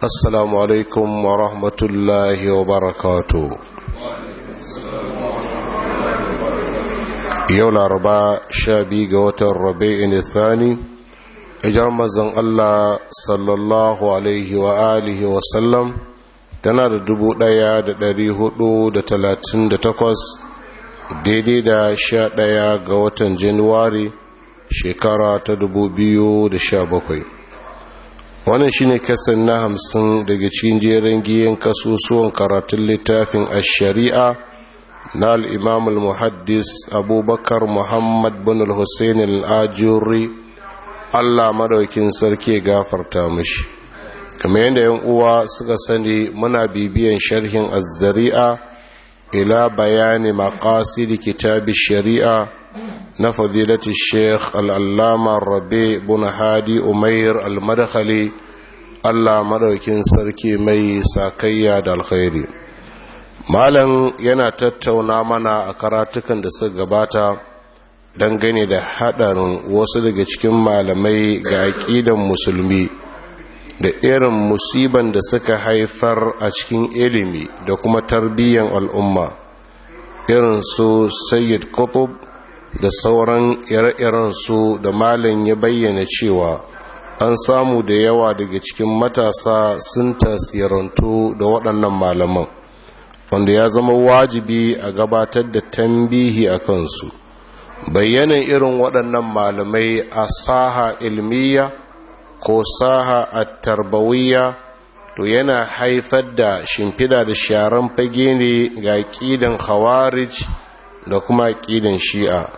assalamu alaikum wa rahmatullahi wa barakatu yau laraba sha biyu ga watan rabi'in thani ijar mazan allah sallallahu alaihi tana da dubu ɗaya da dari hudu da talatin da takwas daidai da sha ɗaya ga watan januwari shekara ta dubu biyu da sha bakwai wannan shine kasan na hamsin daga cikin jerin giyan kasusuwan karatun littafin a sharia na al-imam al-muhaddis abubakar muhammad bin al hussein al-ajuri allah madaukin sarki gafarta mishi kamar yadda yan uwa suka sani muna bibiyan sharhin az-zari'a ila bayani maqasid kitab ash-shari'a na fadilati sheikh al'allama rabe bunahadi umair al-madakhali allah madaukin sarki mai sakayya da alkhairi malam yana tattauna mana a karatukan da suka gabata dangane da haɗarin wasu daga cikin malamai ga aƙidan musulmi da irin musiban da suka haifar a cikin ilimi da kuma tarbiyyan al'umma irin su sayyid kutub da sauran ire-iren su da malin ya bayyana cewa an samu da yawa daga cikin matasa sun tasirantu da waɗannan malaman wanda ya zama wajibi a gabatar da tambihi a kansu bayyanan irin waɗannan malamai a saha ilmiya ko saha a tarbawiyya to yana haifar da shimfida da sharan fage ne ga ƙidan khawarij da kuma ƙidan shi'a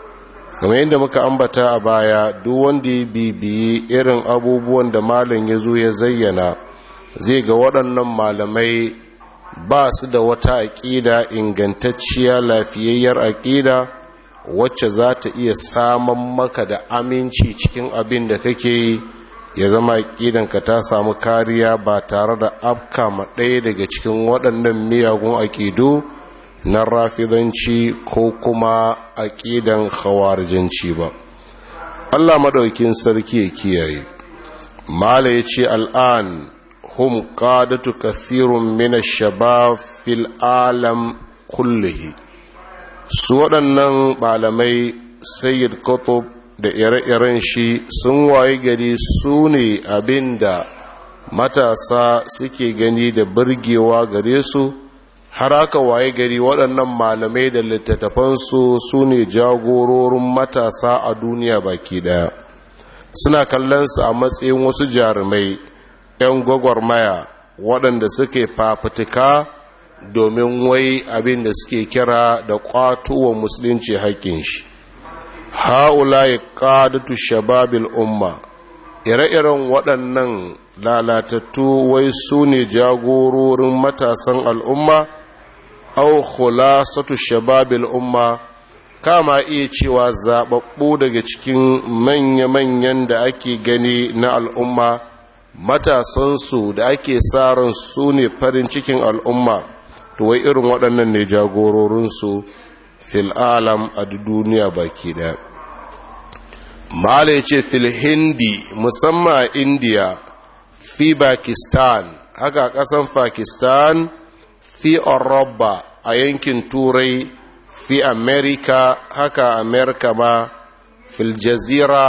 kamar yadda muka ambata a baya duk wanda ya bibiyi irin abubuwan da malam ya zo ya zayyana zai ga waɗannan malamai ba su da wata aƙida ingantacciya lafiyayyar aƙida wacce za ta iya saman maka da aminci cikin abin da kake yi ya zama aƙidanka ta samu kariya ba tare da afka ma ɗaya daga cikin waɗannan miyagun aƙidu na rafidanci ko kuma aƙidan khawarijanci ba Allah madaukin sarki ya kiyaye mala ya ce al'an hum qadatu kathirun min ash-shabab fil alam kullihi su waɗannan malamai sayyid qutb da ire-iren shi sun waye gari su ne da matasa suke gani da birgewa gare su har aka waye gari waɗannan malamai da littattafansu su ne jagororin matasa a duniya baki ɗaya suna kallonsu a matsayin wasu jarumai 'yan gwagwarmaya waɗanda suke fafutuka domin wai abin da suke kira da wa musulunci haƙƙin shi ha'ula ya ƙadatu shababil umma ire-iren waɗannan lalatattu wai su ne jagororin matasan al'umma au khulasatu shababil umma kama iya cewa zababbu daga cikin manya-manyan da ake gani na al'umma matasansu da ake saran su ne farin cikin al'umma to wai irin waɗannan ne jagororinsu fil alam a duniya baki ɗaya mala ce fil hindi musamman a indiya fi pakistan haka ƙasan pakistan fi Oroba a yankin turai fi Amerika haka Amerika ma fil jazira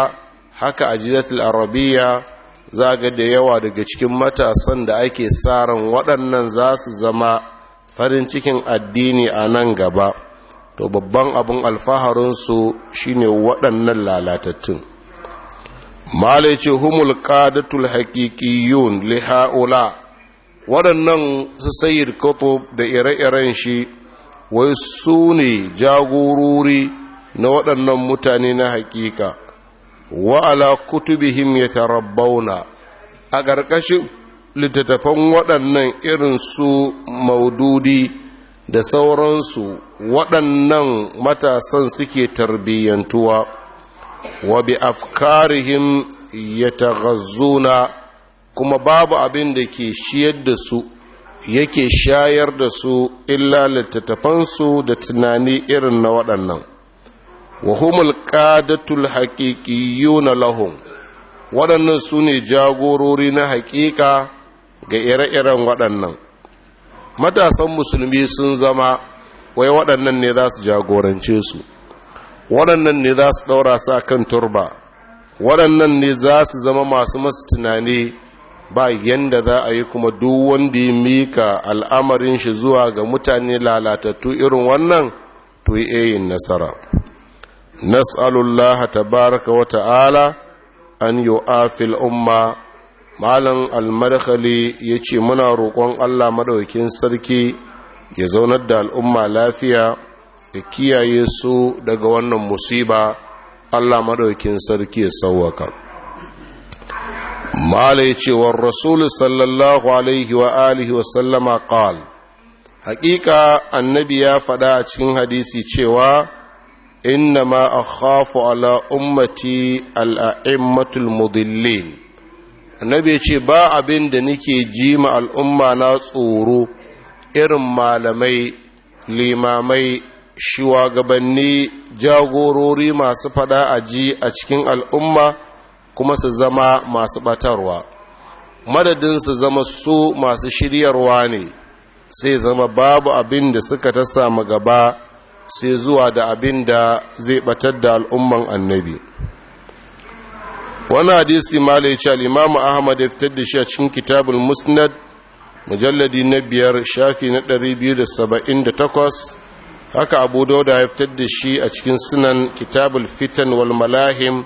haka a jidatul arabiya za ga da yawa daga cikin matasan da ake tsarin waɗannan za su zama farin cikin addini a nan gaba to babban abin alfaharinsu shine waɗannan lalatattun malai ce humul ƙadatul haƙiƙiyun lihaula haula waɗannan su sayyid kutub da ire-iren shi wai su ne jagorori na waɗannan mutane na hakika wa'ala kutubihim ya tarabbauna a ƙarƙashin littattafan waɗannan irin su maududi da sauransu waɗannan matasan suke tarbiyyantuwa wa bi afkarihim ya tagazzuna kuma babu abin da ke shiyar da su yake shayar da su illa littattafansu da tunani irin na waɗannan wahumul qadatul na lahum waɗannan su ne jagorori na haƙiƙa ga ire-iren waɗannan matasan musulmi sun zama wai waɗannan ne za su jagorance su waɗannan ne za su ɗaura su a kan turba waɗannan ne za su zama masu masu tunani ba yanda za a yi kuma duk wanda ya mika al'amarin shi zuwa ga mutane lalatattu irin wannan to yi yin nasara nas'alullaha tabaraka wa ta'ala an Afil umma malam al ya ce muna roƙon Allah maɗaukin sarki ya zaunar da al'umma lafiya ya kiyaye su daga wannan musiba Allah maɗaukin sarki ya sauwaka mala ya ce wa rasulu sallallahu alaihi wa alihi wa sallama qal haƙiƙa annabi ya faɗa a cikin hadisi cewa inna ma a khafu ala ummati al'a'immatul mudillin annabi ya ce ba abin da nake ji ma al'umma na tsoro irin malamai limamai shugabanni jagorori masu faɗa a ji a cikin al'umma kuma su zama masu batarwa madadin su zama su masu shiryarwa ne sai zama babu abin da suka ta samu gaba sai zuwa da abin da zai batar da al'umman annabi wani hadisi malai ce al'imamu ahmad ya fitar da shi a cikin kitabul musnad mujalladi na biyar shafi na 278 haka abu dauda ya fitar da shi a cikin sunan kitabul fitan wal malahim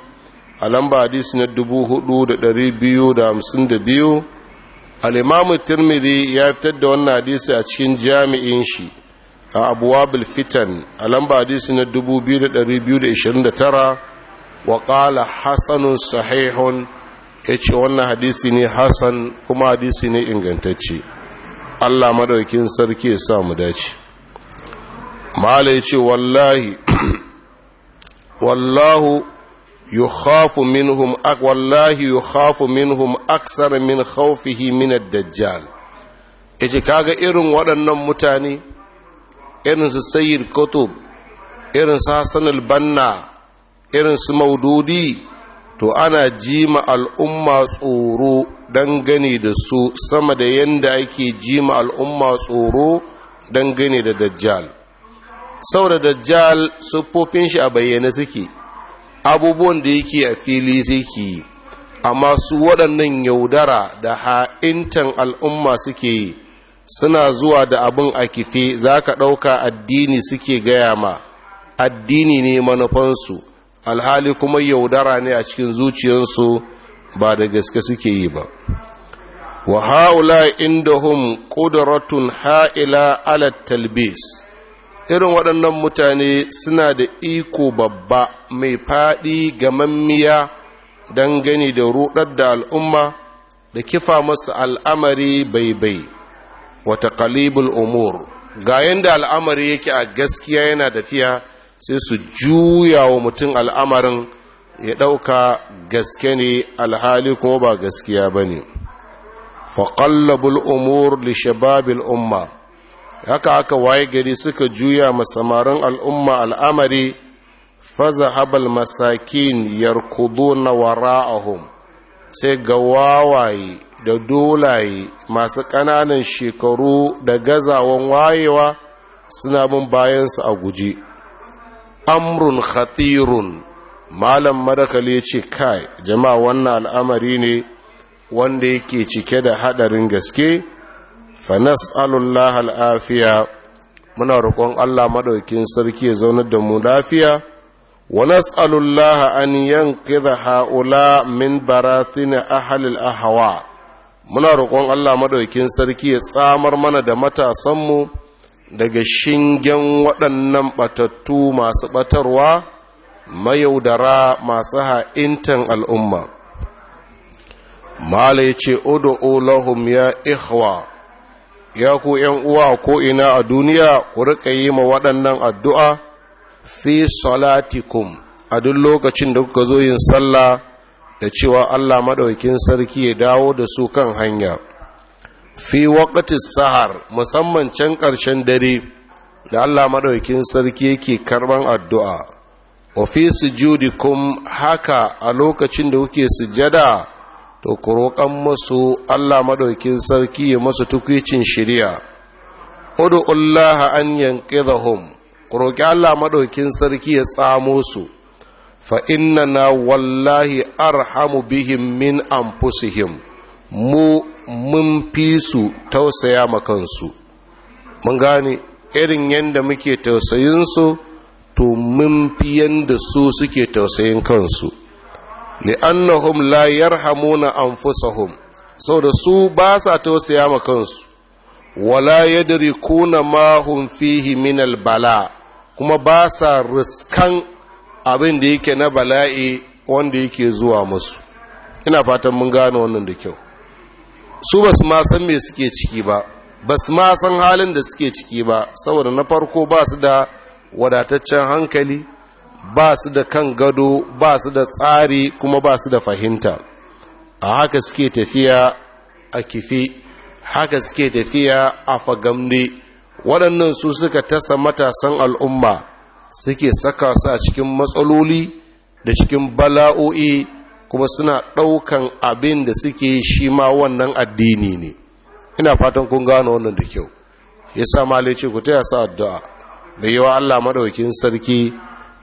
a lamba hadisi na 4252 biyu imamu tirmidhi ya fitar da wannan hadisi a cikin jami'in shi a abuwa fitan a lamba hadisi na 2229 wa qala hasanun sahihun ce wannan hadisi ne hasan kuma hadisi ne ingantacce Allah madaukin sarki ya sa mu dace ya ce wallahi wallahu yukhafu minhum wallahi yukhafu minhum aksar min khawfihi min ad-dajjal yace kaga irin waɗannan mutane irin su sayyid kutub irin su banna irin su maududi to ana jima al'umma tsoro dangane da su sama da yanda ake jima al'umma tsoro dangane da dajjal sau da dajjal siffofin shi a bayyane suke abubuwan da yake a fili zai ke yi amma su waɗannan yaudara da ha'intan al'umma suke yi suna zuwa da abin a kife za ka ɗauka addini suke gaya ma addini ne manufansu alhali kuma yaudara ne a cikin zuciyarsu ba da gaske suke yi ba wa ha'ula hum ƙudurattun ha'ila alat talbis irin waɗannan mutane suna da iko babba mai faɗi gamammiya don gani da ruɗar da al'umma da kifa masu al'amari baibai wata kalibul umur ga yadda al'amari yake a gaskiya yana tafiya sai su juya wa mutum al'amarin ya ɗauka gaske ne alhali kuma ba gaskiya ba ne faƙallabul umur li shababil umma haka haka waye gari suka juya masamarin al'umma al'amari faza habal masakin yarkudu na wara'ahum sai ga wawaye da dolaye masu ƙananan shekaru da gazawan wayewa suna bin bayansu a guji amrun khatirun malam madakali ce kai jama'a wannan al'amari ne wanda yake cike da haɗarin gaske fanas nas'alullaha al'afiya muna roƙon Allah madaukin sarki ya zaunar da mu lafiya wa nas'alullaha an yanqidha haula min barathin ahli al-ahwa muna roƙon Allah madaukin sarki ya tsamar mana da matasanmu daga shingen waɗannan batattu masu batarwa mayaudara masu ha'intan al'umma mala ya ce odo'o lahum ya ihwa ya ku ‘yan uwa ko ina a duniya ku riƙa yi ma waɗannan addu'a fi salatikum a duk lokacin da kuka zo yin sallah da cewa Allah maɗaukin sarki ya dawo da su kan hanya fi waƙatis sahar musamman can ƙarshen dare da Allah maɗaukin sarki yake karɓan addu'a wa fi haka a lokacin da kuke sujada to ku roƙan masu Allah maɗaukin sarki ya masu tukwicin shari'a Allah an yanqidhahum ku roƙi Allah maɗaukin sarki ya tsamo su fa na wallahi arhamu bihim min anfusihim mu mun fi su tausaya ma kansu mun gane irin yadda muke tausayin su to mun fi yadda su suke tausayin kansu li'annahum la yarhamuna anfusahum saboda su ba sa tausaya ma kansu wala kuna ma hum fihi min bala kuma ba sa riskan abin da yake na bala'i wanda yake zuwa musu ina fatan mun gane wannan da kyau su ba su ma san me suke ciki ba ba su ma san halin da suke ciki ba saboda na farko ba su da wadataccen hankali ba su da kan gado ba su da tsari kuma ba su da fahimta a haka suke tafiya a kifi haka suke tafiya a fagamne waɗannan su suka tasa matasan al'umma suke saka su a cikin matsaloli da cikin bala'o'i kuma suna ɗaukan abin da suke shi ma wannan addini ne ina fatan kun gano wannan da kyau ya sa malice ku taya sa addu'a da yawa allah maɗaukin sarki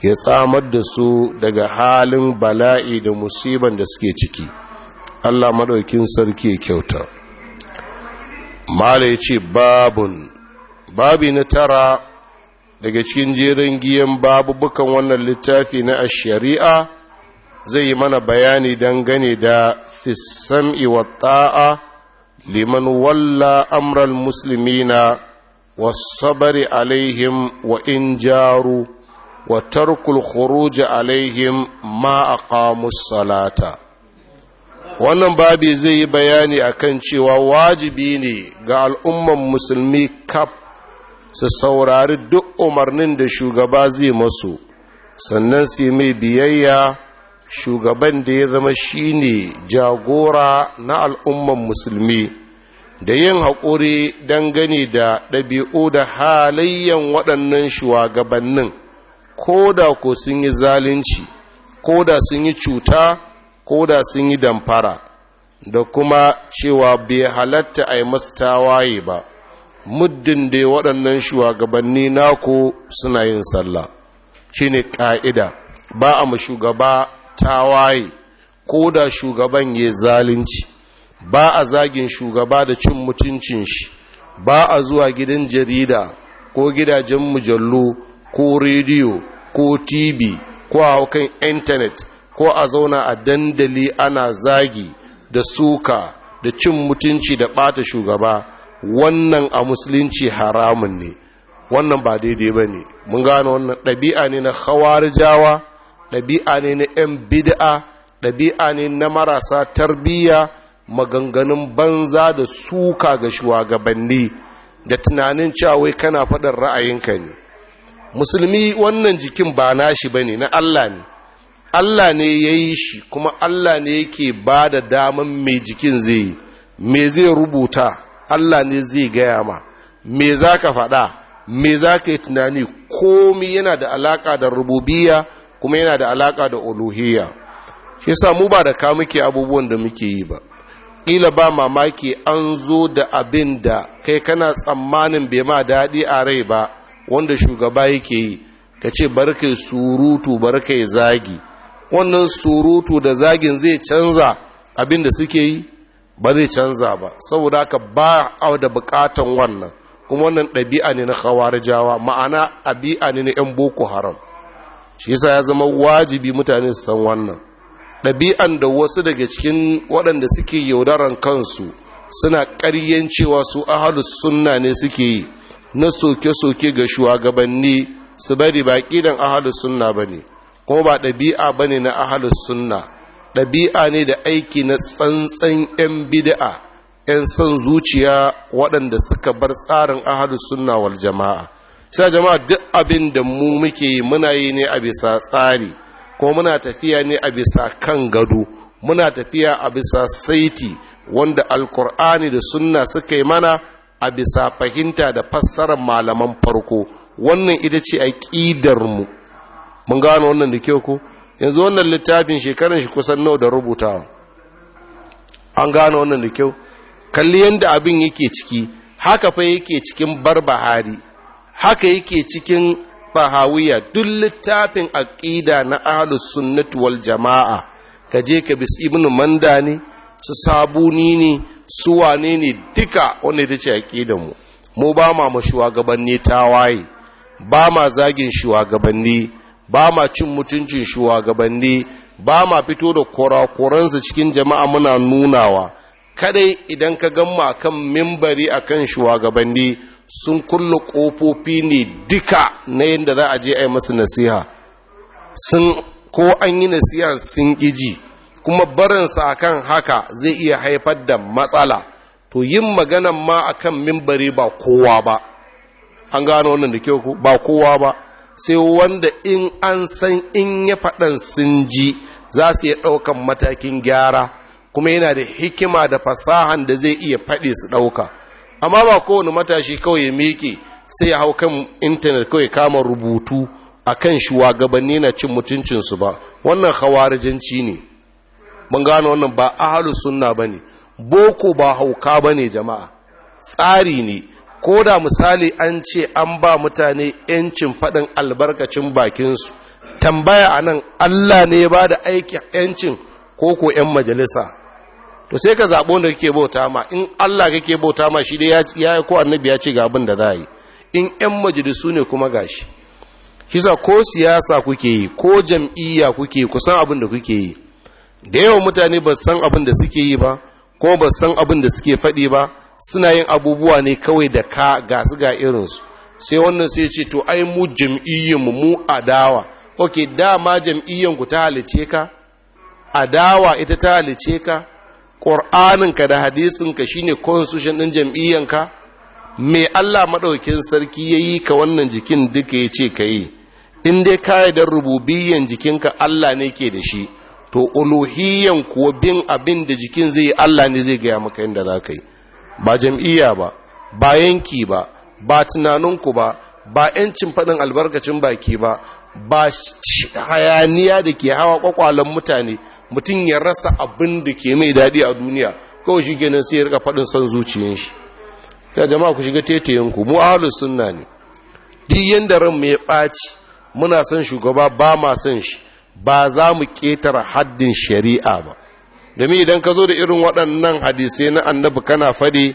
ya tsamar da su daga halin bala'i da musiban da suke ciki Allah maɗaukin sarki ya kyauta mala ya ce babun babi na tara daga cikin jerin giyan babubukan wannan littafi na shari'a zai yi mana bayani dangane da fissam'i wa ta'a liman walla amral musulmina wasabari alaihim wa in jaru wa tarkul khuruj alaihim ma aqamus salata wannan babi zai yi bayani akan cewa wajibi ne ga al'umman musulmi kaf su saurari duk umarnin da shugaba zai masu sannan su mai biyayya shugaban da ya zama shine jagora na al'umman musulmi da yin haƙuri dangane da ɗabi'u da halayyan waɗannan shugabannin ko da ko sun yi zalunci ko da sun yi cuta ko da sun yi damfara da kuma cewa bai halatta a yi masu tawaye ba muddin da waɗannan shugabanni naku suna yin sallah ne ƙa'ida ba a ma shugaba tawaye ko da shugaban ya zalunci ba a zagin shugaba da cin mutuncin shi ba a zuwa gidan jarida ko gidajen mujallu ko rediyo ko tv ko a hukun intanet ko a zauna a dandali ana zagi da suka da cin mutunci da bata shugaba wannan a musulunci haramun ne wannan ba daidai ba ne mun gano wannan ɗabi'a ne na jawa, ɗabi'a ne na 'yan bid'a ɗabi'a ne na marasa tarbiyya maganganun banza da suka ga shugabanni da tunanin cewa kana faɗin ra'ayinka ne musulmi wannan jikin ba nashi ne, na Allah ne Allah ne ya yi shi kuma Allah ne yake ba da daman mai jikin zai yi me zai rubuta Allah ne zai gaya ma me za ka faɗa me za ka yi tunani komi yana da alaƙa da rububiya kuma yana da alaƙa da uluhiyya shi sa mu ba da ka muke abubuwan da muke yi ba ƙila ba mamaki an zo da abin da kai kana tsammanin bai ma daɗi a rai ba wanda shugaba yake yi ka ce barkai surutu barkai zagi wannan surutu da zagin zai canza abinda suke yi ba zai canza ba saboda aka ba a da bukatan wannan kuma wannan ɗabi'a ne na khawarijawa ma'ana ɗabi'a ne na 'yan boko haram shi yasa ya zama wajibi mutane su san wannan ɗabi'an da wasu daga cikin waɗanda suke yaudarar kansu suna ƙaryen cewa su ahalus sunna ne suke yi na soke-soke ga shugabanni su bari ba ƙidan ahalus sunna ba ne kuma ba ɗabi'a ba ne na ahalus sunna ɗabi'a ne da aiki na tsantsan 'yan bida'a 'yan son zuciya waɗanda suka bar tsarin ahalus sunna wal jama'a sha jama'a duk abin da mu muke yi muna yi ne a bisa tsari ko muna tafiya ne a bisa kan gado muna tafiya a bisa saiti wanda alkur'ani da sunna suka yi mana a bisa fahimta da fassarar malaman farko wannan ita ce a mu. mun gano wannan da kyau ko yanzu wannan littafin shekaran shi kusan nawa da rubutawa an gano wannan da kyau kalli yadda abin yake ciki haka fa yake cikin barbahari haka yake cikin fahawiya duk littafin aƙida na ahalus sunnati wal jama'a ka je ka bis ibn mandani su sabuni ne su wane ne duka wanda ita ce aƙidanmu mu ba ma ma shugabanni tawaye ba ma zagin shugabanni ba ma cin mutuncin shugabanni ba ma fito da kurakuransu cikin jama'a muna nunawa kadai idan ka gan mu kan mimbari akan shugabanni sun kulle kofofi ne duka na yadda za a je a yi masu nasiha sun ko an yi nasiha sun ƙiji kuma barinsa akan haka zai iya haifar da matsala to yin maganan ma akan mimbari ba kowa ba an gano wannan da kyau ku ba kowa ba sai wanda in an san in ya faɗan sun ji za su iya ɗaukan matakin gyara kuma yana da hikima da fasahan da zai iya faɗi su ɗauka amma ba kowane matashi kawai ya miƙe sai ya hau kan intanet kawai kama rubutu a kan shugabanni na cin mutuncinsu ba wannan hawarijanci ne mun gano wannan ba ahalus sunna bane boko ba hauka bane jama'a tsari ne ko da misali an ce an ba mutane yancin faɗin albarkacin bakinsu tambaya a nan allah ne ba da aiki yancin ko ko 'yan majalisa to sai ka zaɓo wanda kake bauta ma in allah kake bauta ma shi dai ya yi ko annabi ya ce ga abin da za yi in 'yan majalisu ne kuma gashi kisa ko siyasa kuke yi ko jam'iyya kuke kusan abin da kuke yi da yawan mutane ba san abin da suke yi ba ko ba san abin da suke faɗi ba suna yin abubuwa ne kawai da ka ga su ga irinsu sai wannan sai ce to ai mu jam'iyyar mu adawa ok dama ku ta halice ka adawa ita ta halice ka ƙor'aninka da hadisinka shine constitution ɗin ka mai allah maɗaukin sarki ya yi ka wannan jikin duka ya ce ka yi in dai ka yi don rububiyyan jikinka allah ne ke da shi to uluhiyan kuwa bin abin da jikin zai yi Allah ne zai gaya maka inda za ka yi ba jam'iyya ba ba yanki ba ba tunaninku ba ba ‘yancin faɗin albarkacin baki ba ba hayaniya da ke hawa kwakwalen mutane mutum ya rasa abin da ke mai daɗi a duniya kawai shi kenan sai ya rika faɗin son zuciyan shi ka jama'a ku shiga tetayenku mu ahalu sunna ne duk yanda ran mai ɓaci muna son shugaba ba ma son shi ba za mu ƙetare haddin shari'a ba domin idan ka zo da irin waɗannan hadisai na annabi kana faɗi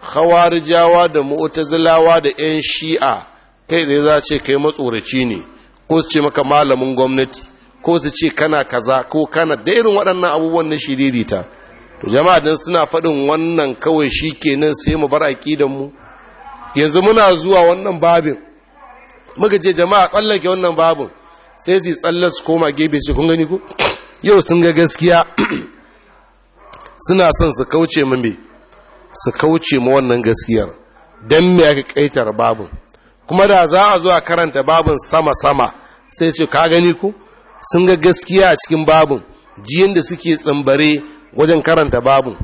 hawarijawa da mu'tazilawa da 'yan shi'a kai zai za ce kai matsoraci ne ko su ce maka malamin gwamnati ko su ce kana kaza ko kana da irin waɗannan abubuwan na shiririta to jama'a suna faɗin wannan kawai shi kenan sai mu bar aƙidan mu yanzu muna zuwa wannan babin muka ce jama'a tsallake wannan babin sai su tsallar su koma gefe shi kun gani ku yau sun ga gaskiya suna son su kauce ma su kauce ma wannan gaskiyar don me aka kaitar babin kuma da za a zuwa karanta babin sama-sama sai su ka gani ku sun ga gaskiya a cikin babin jiyan da suke tsambare wajen karanta babin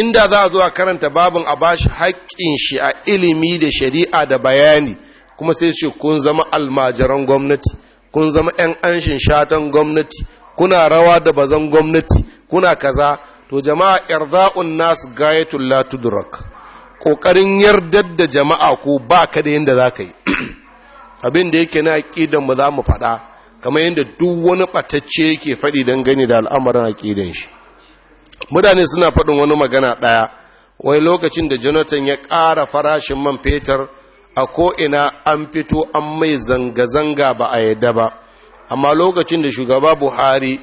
inda za a zuwa karanta babin a bashi haƙƙin shi a ilimi da shari'a da bayani kuma sai ce kun zama almajiran gwamnati kun zama 'yan anshin shatan gwamnati kuna rawa da bazan gwamnati kuna kaza to jama'a irza'un nas gayatul la tudrak kokarin yardar da jama'a ko baka da yanda zaka yi abin da yake na aqidan mu za mu faɗa kamar yanda duk wani batacce yake faɗi dan gani da al'amarin aqidan shi mutane suna faɗin wani magana ɗaya wai lokacin da Jonathan ya ƙara farashin man fetur a ko ina an fito an mai zanga-zanga ba a yadda ba amma lokacin da shugaba buhari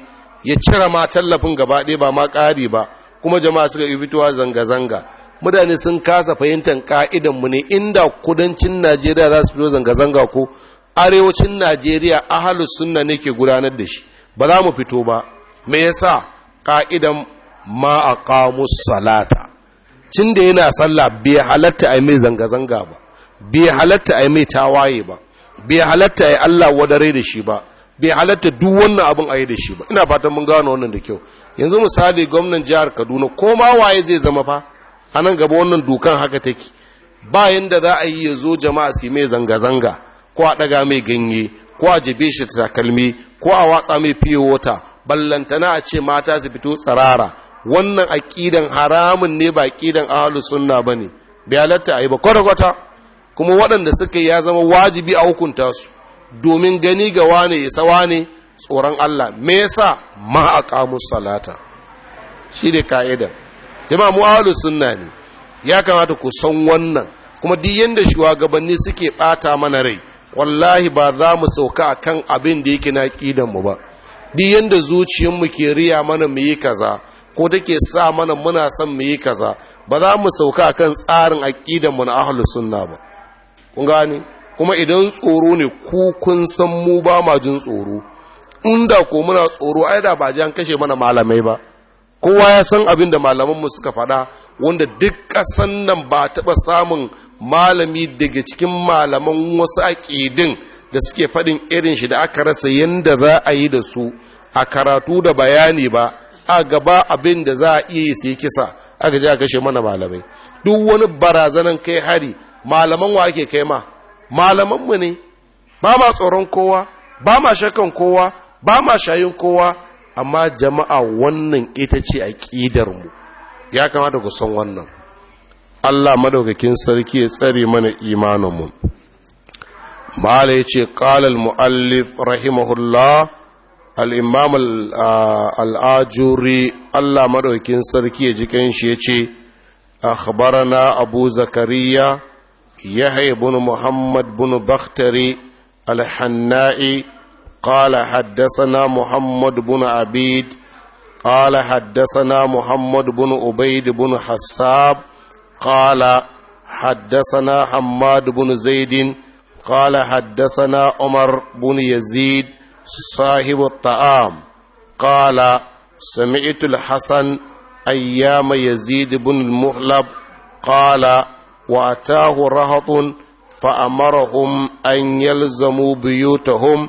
ya cire ma tallafin gaba ɗaya ba ma ƙari ba kuma jama'a suka yi fitowa zanga-zanga mutane sun kasa fahimtar ƙa'idanmu ne inda kudancin najeriya za su fito zanga-zanga ko arewacin najeriya ahalus sunna ne ke gudanar da shi ba za mu fito ba me yasa ƙa'idan ma a salata cin yana sallah bai halatta a yi mai zanga-zanga ba bai halatta a yi mai tawaye ba bai halatta a yi Allah wadare da shi ba bai halatta duk wannan abin a yi da shi ba ina fatan mun gano wannan da kyau yanzu misali gwamnan jihar kaduna ko ma waye zai zama fa a nan gaba wannan dukan haka take ba yanda za a yi ya zo jama'a su mai zanga-zanga ko a ɗaga mai ganye ko a jibe shi takalmi ko a watsa mai fiye wata ballantana a ce mata su fito tsirara wannan aƙidan haramun ne ba aƙidan ahalus sunna ba ne bai halatta a yi ba kwata-kwata kuma waɗanda suka yi ya zama wajibi a hukunta su domin gani ga wane isa wane tsoron Allah me yasa ma a aqamu salata shi ne kaida jama'a mu ahlus sunna ne ya kamata ku san wannan kuma duk yanda shugabanni suke bata mana rai wallahi ba za mu sauka akan abin da yake na kidan mu ba duk yanda zuciyar mu ke riya mana mu yi kaza ko take sa mana muna son mu yi kaza ba za mu sauka akan tsarin aqidan mu na ahlus sunna ba kun gani kuma idan tsoro ne ku kun san mu ba ma jin tsoro inda ko muna tsoro ai da ba ji an kashe mana malamai ba kowa ya san abin da malaman malamanmu suka faɗa wanda duk ƙasan nan ba taɓa samun malami daga cikin malaman wasu aƙidin da suke faɗin irin shi da aka rasa yadda za a yi da su a karatu da bayani ba a gaba abin da za a iya yi sai kisa aka ji a kashe mana malamai duk wani barazanan kai hari malaman wa ake kai ma malamanmu ne ba ma tsoron kowa ba ma shakan kowa ba ma shayin kowa amma jama'a wannan ita ce mu, ya kamata ku san wannan Allah madaukakin sarki ya tsare mana imaninmu mala ya ce ƙalal mu'allif rahimahullah al'imam al'ajuri Allah madaukakin sarki ya ji shi ya ce akhbarana abu zakariya يحيى بن محمد بن بختري الحنائي قال حدثنا محمد بن عبيد قال حدثنا محمد بن عبيد بن حساب قال حدثنا حماد بن زيد قال حدثنا عمر بن يزيد صاحب الطعام قال سمعت الحسن أيام يزيد بن المهلب قال wa atahu rahatun fa amarahum an yalzamu biyutahum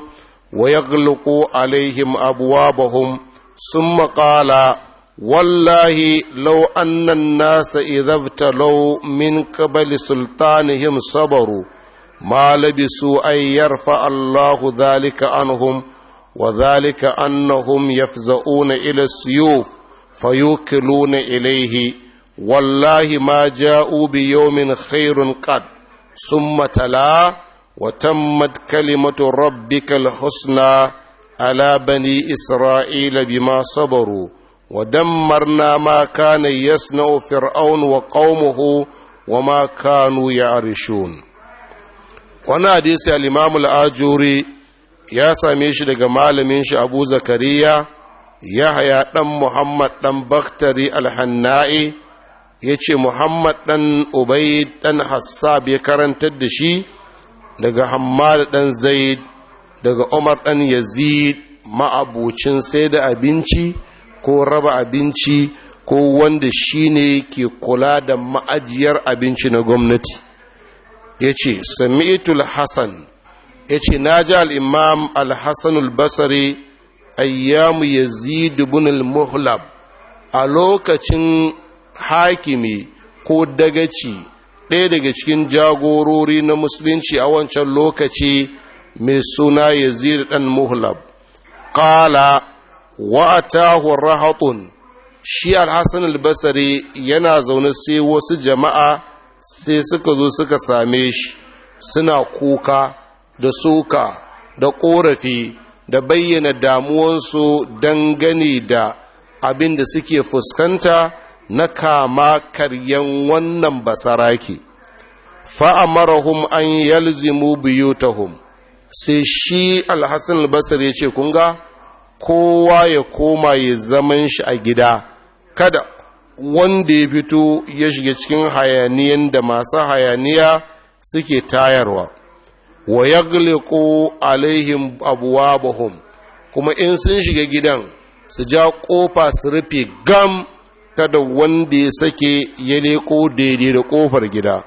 wa yaghliqu alaihim abwabahum summa qala wallahi law anna an-nasa idha ibtalaw min qabli sultanihim sabaru ما لبسوا أن يرفع الله ذلك عنهم وذلك أنهم يفزؤون إلى السيوف فيوكلون إليه والله ما جاءوا بيوم خير قد ثم تلا وتمت كلمة ربك الحسنى على بني إسرائيل بما صبروا ودمرنا ما كان يصنع فرعون وقومه وما كانوا يعرشون وانا حديث الإمام الآجوري يا سميش لقمال منش أبو زكريا يحيى محمد لم بختري الحنائي ya ce muhammad ɗan ubai ɗan hassab ya karantar da shi daga hammad ɗan zaid daga umar ɗan yazid ma'abucin sai da abinci ko raba abinci ko wanda shi ne ke kula da ma'ajiyar abinci na gwamnati ya ce sami'atul hassan ya ce na ji al'imam al basari ayyamu yazid ibn al-muhlab a lokacin hakimi ko dagaci ɗaya daga cikin jagorori na musulunci a wancan lokaci mai suna ziri ɗan muhlab ƙala wa atahu rahatun shi alhassan albasari yana zaune sai wasu jama'a sai suka zo suka same shi suna kuka da suka da ƙorafi da bayyana damuwansu dangane da abin da suke fuskanta na kama karyan wannan basarake fa'amarahum an yalzimu biyutahum sai shi alhassan albasar ya ce kunga kowa ya koma ya zaman shi a gida kada wanda ya fito ya shiga cikin hayaniyan da masu hayaniya suke tayarwa wa ya alaihin alaihim abwabahum kuma in sun shiga gidan su ja kofa su rufe gam kada wanda ya sake ya leko daidai da kofar gida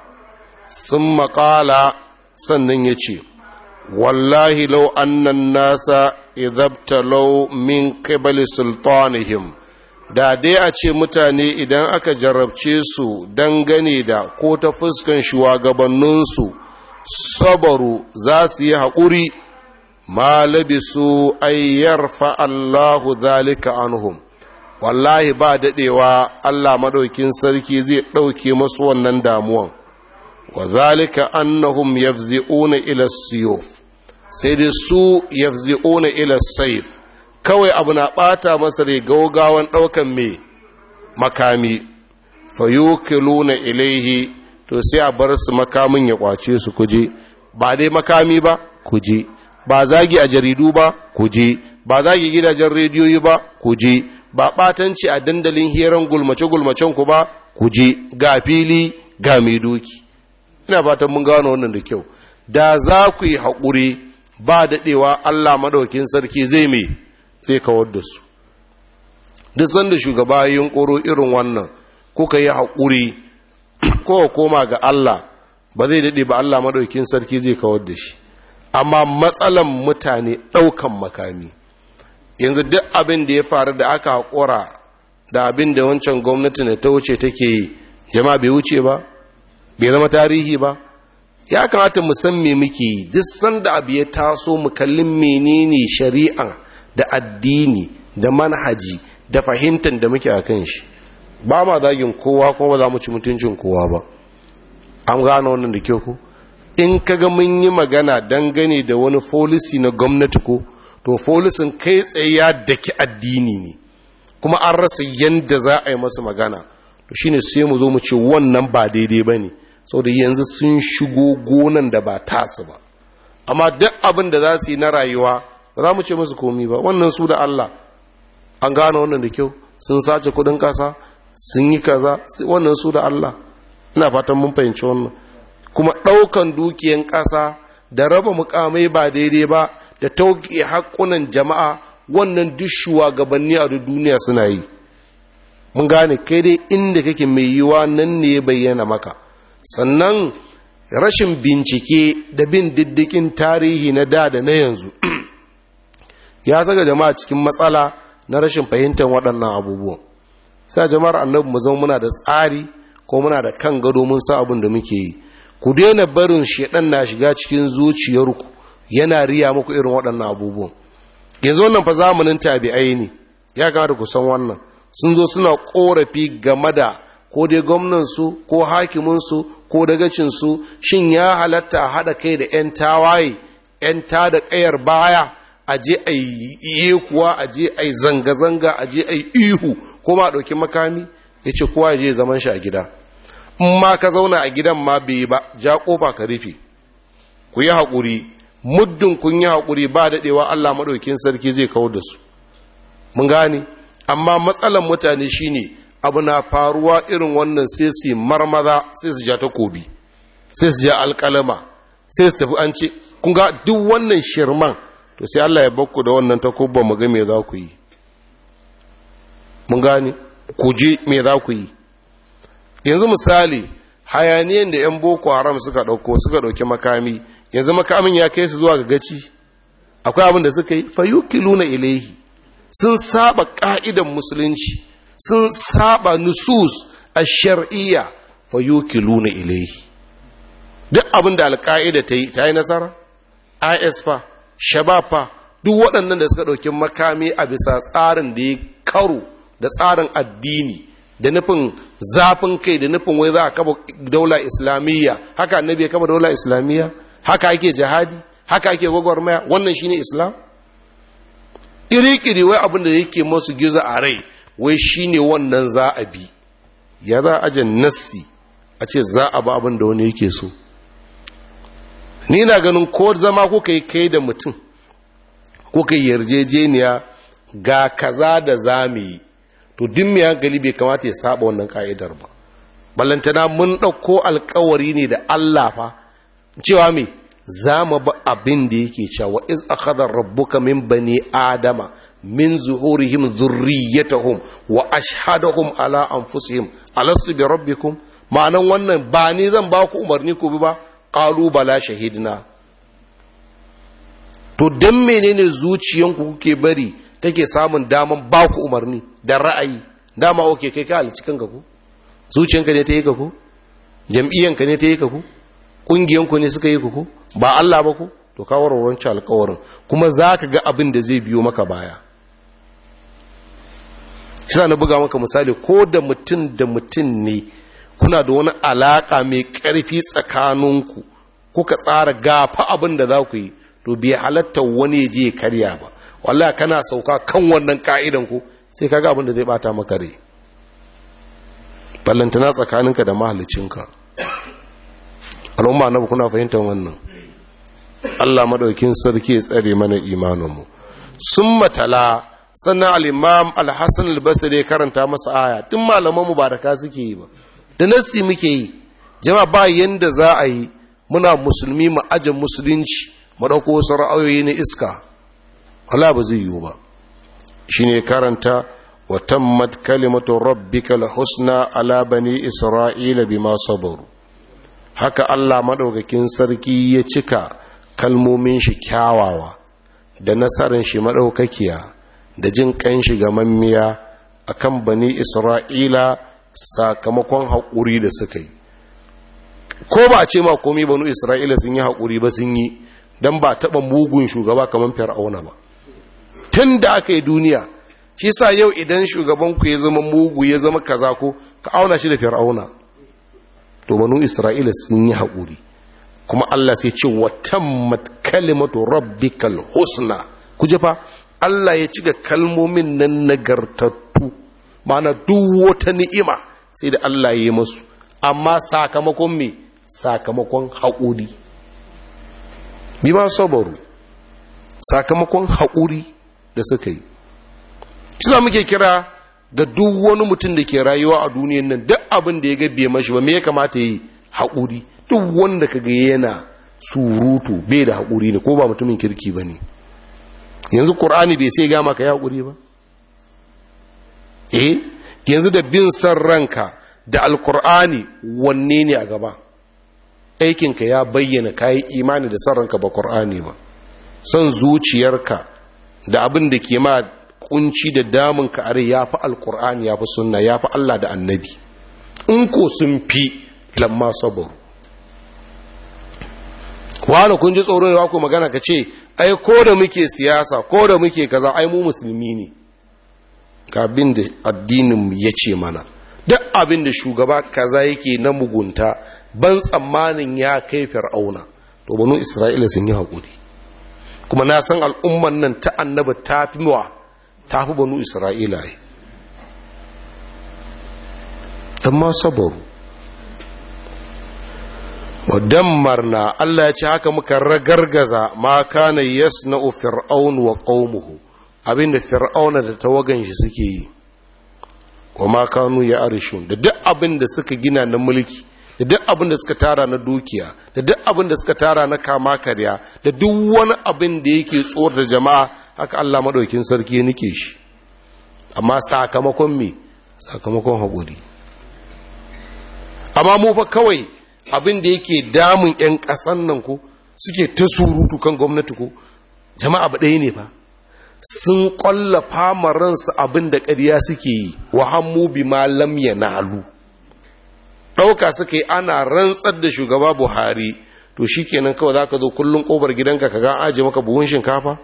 sun maƙala sannan ya ce wallahi lau annan nasa lau min kabali sultanihim da dai a ce mutane idan aka jarabce su dangane da ko ta fuskan shugabanninsu sabaru za su yi haƙuri ma labisu ayyar fa'allahu zalika anhum wallahi ba daɗewa Allah maɗaukin sarki zai ɗauke masu wannan damuwan wa zalika annahum yafzi'una ila siyuf sai dai su yafzi'una ila saif kawai abu na ɓata masa gaugawan ɗaukan mai makami fayukiluna ilaihi to sai a bar su makamin ya kwace su kuje ba dai makami ba kuje ba zagi a jaridu ba kuje ba zagi gidajen rediyoyi ba kuje ba ɓatanci a dandalin hiran gulmace-gulmacen ku ba ku je ga fili ga mai doki ina fatan mun gano wannan da kyau da za ku yi haƙuri ba daɗewa allah maɗaukin sarki zai mai zai kawar da su duk sanda shugaba yin ƙoro irin wannan kuka yi haƙuri ko koma ga allah ba zai daɗe ba allah maɗaukin sarki zai kawar da shi amma matsalan mutane ɗaukan makami yanzu duk abin da ya faru da aka haƙura da abin da wancan gwamnati na ta wuce take yi jama'a bai wuce ba bai zama tarihi ba ya kamata mu san me muke yi duk sanda abu ya taso mu kallin menene shari'a da addini da manhaji da fahimtar da muke a kan shi ba ma zagin kowa kuma ba za mu ci mutuncin kowa ba an gane wannan da kyau ko in kaga mun yi magana dangane da wani folisi na gwamnati ko to folisin kai tsaye ya daki addini ne kuma an rasa yadda za a yi masu magana to shine sai mu zo mu ce wannan ba daidai ba ne saboda yanzu sun shigo gonan da ba tasu ba amma duk abin da za su yi na rayuwa ba za mu ce musu komi ba wannan su da Allah an gane wannan da kyau sun sace kudin kasa sun yi kaza wannan su da Allah ina fatan mun fahimci wannan kuma ɗaukan dukiyan ƙasa da raba mukamai ba daidai ba da tauki haƙunan jama'a wannan duk shugabanni a duniya suna yi mun gane kai dai inda kake mai yiwa nan ne ya bayyana maka sannan rashin bincike da bin diddikin tarihi na da da na yanzu ya saka jama'a cikin matsala na rashin fahimtar waɗannan abubuwan sa jama'ar annabi mu zama muna da tsari ko muna da kan gado mun sa abin da muke yi ku daina barin shedan na shiga cikin zuciyarku yana riya muku irin waɗannan abubuwan yanzu wannan fa zamanin tabi'ai ne ya kamata ku san wannan sun zo suna ƙorafi game da ko dai gwamnansu ko hakiminsu ko dagacinsu shin ya halatta a haɗa kai da 'yan tawaye 'yan ta da ƙayar baya a je a yi kuwa a je a yi zanga-zanga a je a yi ihu ko ma ɗauki makami ya ce kowa ya je zaman shi a gida in ma ka zauna a gidan ma bai ba ja ƙofa ka rufe ku yi haƙuri muddin kun yi haƙuri ba daɗewa Allah maɗaukin sarki zai kawo da su mun gane amma matsalan mutane shi ne abu na faruwa irin wannan sai su marmaza sai su ja takobi sai su ja alƙalama sai su tafi an ce kun ga duk wannan shirman to sai Allah ya bakku da wannan takobba mu ga me za ku yi mun gane ku me za ku yi yanzu misali hayaniyan da 'yan boko haram suka ɗauko suka ɗauki makami yanzu makamin ya kai su zuwa ga gaci akwai abin da suka yi fayukiluna ilaihi sun saba ka'idan musulunci sun saba nusus a shar'iyya fayukiluna ilaihi duk abin da alka'ida ta yi nasara is fa shabab fa duk waɗannan da suka ɗauki makami a bisa tsarin da ya karo da tsarin addini da nufin zafin kai da nufin wai za a kaba daula islamiyya haka annabi ya kaba daula islamiyya haka ake jihadi haka ake gwagwarmaya wannan shine islam iri wai abinda yake masu gizo a rai wai shine wannan za a bi ya za a jan nassi a ce za a ba abin wani yake so ni na ganin ko zama ko yi kai da mutum kuka yi yarjejeniya ga kaza da zami to duk mai hankali bai kamata ya saba wannan ka'idar ba ballantana mun ɗauko alkawari ne da allah fa cewa mai za mu ba abin da yake cewa wa iz akhadha rabbuka min bani adama min zuhurihim zurriyatahum wa ashhadahum ala anfusihim alastu bi rabbikum ma'anan wannan ba ni zan ba ku umarni ku bi ba qalu bala shahidna to dan menene zuciyanku kuke bari take samun daman ba ku umarni da ra'ayi dama oke kai ka halici kanka ku zuciyanka ne ta yi ka ku jam'iyyanka ne ta yi ka ku ƙungiyanku ne suka yi ku ba Allah ba ku to kawar wancan alkawarin kuma za ka ga abin da zai biyo maka baya shi na buga maka misali ko da mutum da mutum ne kuna da wani alaƙa mai ƙarfi tsakaninku kuka tsara gafa abin da za ku yi to bai halatta wani ya je karya ba wallah kana sauka kan wannan ka'idanku sai ka ga abin da zai bata maka rai ballantana tsakaninka da mahallicinka al'umma na bukuna fahimtar wannan Allah madaukin sarki ya tsare mana imaninmu sun matala sannan al'imam al albasa ne karanta masa aya tun malamanmu ba da ka suke yi ba da nassi muke yi jama'a ba yadda za a yi muna musulmi mu musulunci maɗauko, dauko wasu na iska Allah ba zai yiwu ba Shi ne karanta wa tammat kalimatu rabbikal husna ala bani isra'ila bima sabaru haka Allah maɗaukakin sarki ya cika kalmomin shi kyawawa da nasarar shi maɗaukakiya da jin ƙan shi ga mammiya a kan bani isra'ila sakamakon haƙuri da suka yi ko ba ce ma komi banu isra'ila sun yi haƙuri ba sun yi don ba taɓa mugun shugaba kamar fir'auna ba tun da aka yi duniya shi sa yau idan shugabanku ya zama mugu ya zama kaza ko ka auna shi da fir'auna to isra'ila sun yi haƙuri kuma Allah sai ce wa tammat kalimatu rabbikal husna ku jefa Allah ya ci cika kalmomin nan nagartattu mana duk wata ni'ima sai da Allah ya yi masu. amma sakamakon me sakamakon haƙuri bi ma sabaru sakamakon haƙuri da suka yi kisa muke kira da duk wani mutum da ke rayuwa a duniyan nan duk abin da ya ga bai mashi ba me ya kamata yi haƙuri duk wanda ka kaga yana surutu bai da haƙuri ne ko ba mutumin kirki ba ne yanzu ƙur'ani bai sai gama ka yi haƙuri ba eh yanzu da bin san ranka da alƙur'ani wanne ne a gaba aikinka ya bayyana ka yi imani da san ranka ba ƙur'ani ba son zuciyarka da abin da ke ma kunci da damun ka are ya fi alkur'ani ya fi sunna ya fi allah da annabi in ko sun fi lamma sabon wani kun ji tsoro da ku magana ka ce ai ko da muke siyasa ko da muke kaza ai mu musulmi ne ka bin da addinin ya ce mana duk abin da shugaba kaza yake na mugunta ban tsammanin ya kai fir'auna to banu isra'ila sun yi haƙuri kuma na san al'umman nan ta annaba ta fi ta fi banu isra'ila yi amma sabaru na Allah ya ce haka muka ragargaza ma kana yasna'u fir'aun wa qaumuhu abinda fir'auna da tawagan shi suke yi wa ma kanu ya arishun da duk abinda suka gina na mulki da duk abin da suka tara na dukiya da duk abin da suka tara na kama karya da duk wani abin da yake tsohon da jama'a haka Allah maɗaukin sarki ya nike shi amma sakamakon me sakamakon haƙuri amma mu fa kawai abin da yake damun 'yan ƙasan nan ko suke ta surutu kan gwamnati ko jama'a ba ɗaya ne fa sun ƙwallafa maransu abin da ƙarya suke yi wa hammu bi ma lam halu. ɗauka suka yi ana rantsar da shugaba buhari to shi kenan kawai za ka zo kullum ƙobar gidanka ka ga ajiye maka buhun shinkafa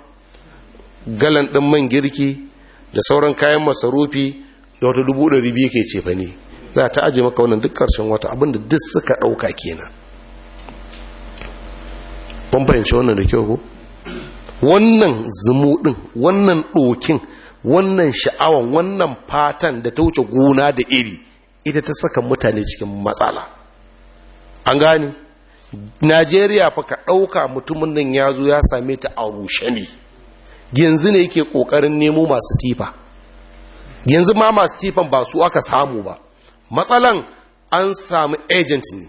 galan ɗin man girki da sauran kayan masarufi da wata dubu ɗari biyu ke cefa ne za ta ajiye maka wannan duk ƙarshen wata abinda duk suka ɗauka kenan kun fahimci wannan da kyau ko wannan zumuɗin wannan ɗokin wannan sha'awan wannan fatan da ta wuce gona da iri ita ta saka mutane cikin matsala an gane najeriya fa ka ɗauka mutumin nan ya zo ya same ta a rushe ne yanzu ne yake ƙoƙarin nemo masu tifa yanzu ma masu tifan ba su aka samu ba matsalan an samu agent ne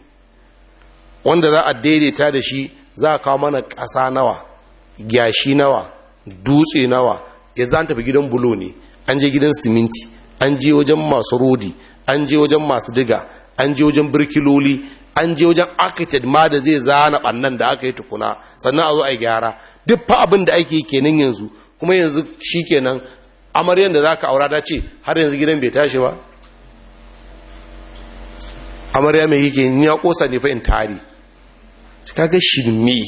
wanda za a daidaita da shi za a kawo mana ƙasa nawa gyashi nawa dutse nawa ya za tafi gidan bulo ne an je gidan siminti an je wajen masu rodi an je wajen masu diga an je wajen birkiloli an je wajen architect ma da zai zana bannan da aka yi tukuna sannan a zo a yi gyara duk fa abin da ake kenan yanzu kuma yanzu shi kenan amaryar da za ka aura ta ce har yanzu gidan bai tashi ba amarya mai yake ya kosa ne fa in ga kaga shirme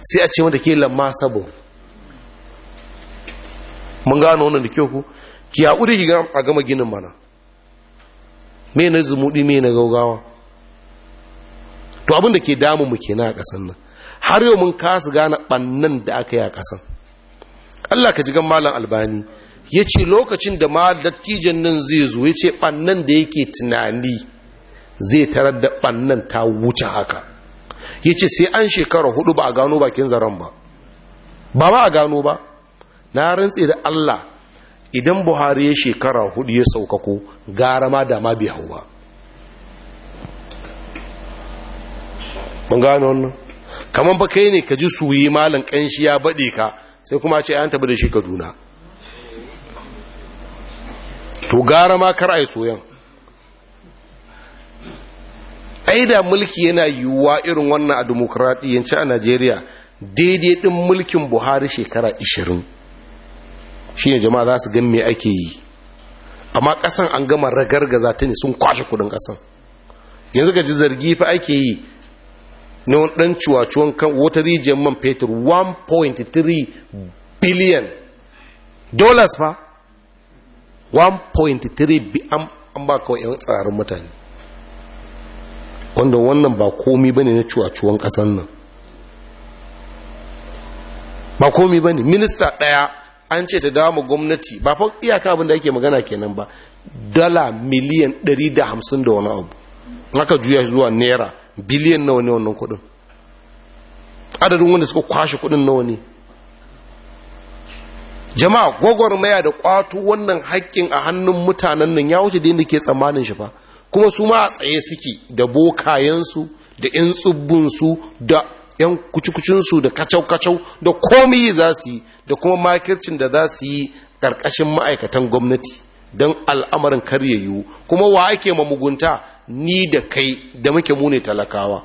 sai a ce wanda ke lamma sabo mun gano wannan da kyau ku ki haƙuri ki a gama ginin mana Mai na zumuɗi mai na gaugawa to abin da ke damu mu na a ƙasan nan har yau mun kasa gane ɓannan da aka yi a ƙasan Allah ka ji gan malam albani ya ce lokacin da ma dattijan nan zai zo ya ce ɓannan da yake tunani zai tarar da ɓannan ta wuce haka ya ce sai an shekara hudu ba a gano bakin zaren ba ba ba a gano ba na rantse da Allah idan buhari ya shekara hudu ya saukako gara ma da ma bai hau ba gano wannan kamar ba kai ne ka ji suyi malam kanshi ya baɗe ka sai kuma ce an tabi da shi kaduna to gara ma kar a yi soyan aida mulki yana yiwuwa irin wannan a demokradiyyanci a najeriya daidai ɗin mulkin buhari shekara ishirin. shine jama'a za su gan me ake yi amma kasan an gama ragargaza ta ne sun kwashe kudin kasan yanzu ga ji zargi fa ake yi na wani dan ciwacuwan kan wata rijiyar man fetur 1.3 billion dollars fa 1.3 an ba kawai yan tsararin mutane wanda wannan ba komi ba ne na ciwacuwan kasan nan ba komi ba ne minista ɗaya an ce ta dawo gwamnati ba fa iyaka abin da ake magana kenan ba dala miliyan 150 da wani abu Naka juya zuwa naira biliyan nawa ne wannan kudin adadin wanda suka kwashe kudin nawa ne jama'a maya da kwato wannan haƙƙin a hannun mutanen nan ya wuce da inda ke tsammanin shi ba kuma su ma a tsaye suke da bokayensu da 'yan tsibbinsu da yan kucikucinsu da kacau-kacau da komi za su yi da kuma makircin da za su yi ƙarƙashin ma'aikatan gwamnati don al'amarin karyayyu kuma wa ake mamugunta ni da kai da muke mune talakawa